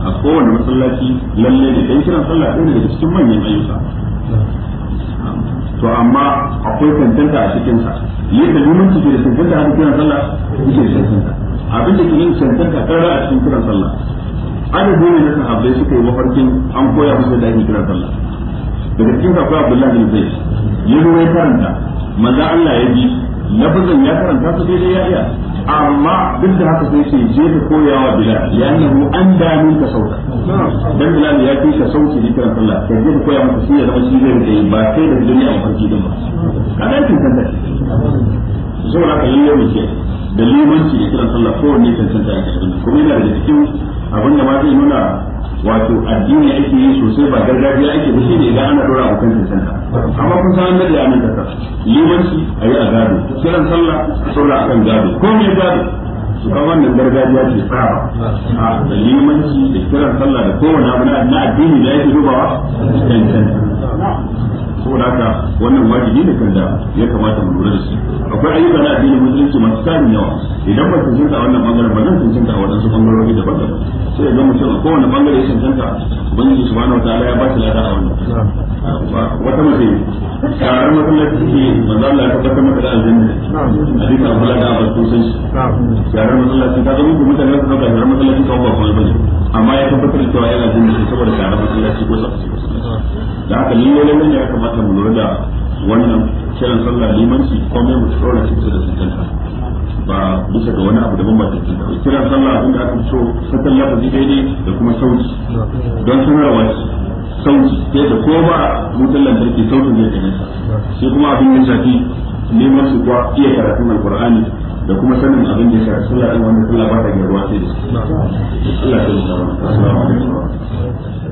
a kowane masallaci lalle ne dan kiran sallah ɗaya daga cikin manyan ayyuka to amma akwai tantanta a cikin sa yadda zumunci ke da tantanta a kiran sallah yake da tantanta abin da ke yin tantanta kara a cikin kiran sallah adadin ne na sahabbai suka yi mafarkin an koya musu da ake kiran sallah daga cikin sa akwai Abdullahi bin Zaid ya ruwa ya karanta manzo Allah ya ji lafazin ya karanta su daidai ya iya amma duk da haka sai ce je ka koya wa Bilal ya annahu an da min ka sauka dan Bilal ya fi ka sauki ne kiran Allah ka je ka koya masa shi ya zama shi zai yi ba sai da duniya a farki din ba kada kin kanta saboda haka lalle mu ce da limanci kiran Allah ko kan kanta a cikin kuma yana da cikin abin da ma zai nuna wato addini ake yi sosai ba gargajiya ake ba shine idan ana dora a kan amma kun san da da limanci a gado kiran sallah sallah akan gado ko me gado su wannan gargajiya ce tsara a ah, limanci da kiran sallah da kowane abu na addini da yake dubawa saboda haka wannan wajibi ne kan da ya kamata mu lura da shi akwai ayyuka na addinin musulunci masu tsari yawa idan ba su tunta a wannan bangaren ba zan tunta a wadansu bangarori da daban sai ga mutum a kowane bangare ya tunta ubangiji subhanahu wataala ya ba shi lada a wannan wata mace tarar masallaci take manzo Allah ya tabbatar mata da aljanna hadisi Abdullah da Abbas sun san shi tarar masallaci ta zama mutane su dauka tarar masallaci kawai ba kuma bane amma ya tabbatar da cewa yana jin jiki saboda sharar masallaci ko tsaftace da haka lalle ne ne ya kamata mu lura da wannan kiran sallah limanci ko mai mu tsora shi da tantanta ba bisa ga wani abu daban ba tantanta kiran sallah abin da aka so ya lafazi daidai da kuma sauti don sanarwa sauti sai da ko ba wutar lantarki sautin zai gane sa sai kuma abin da shafi neman su kuwa iya karatun alkur'ani da kuma sanin abin da ya shafi sallah din wanda sallah ba ta gyaruwa sai da su Allah ya tsare mu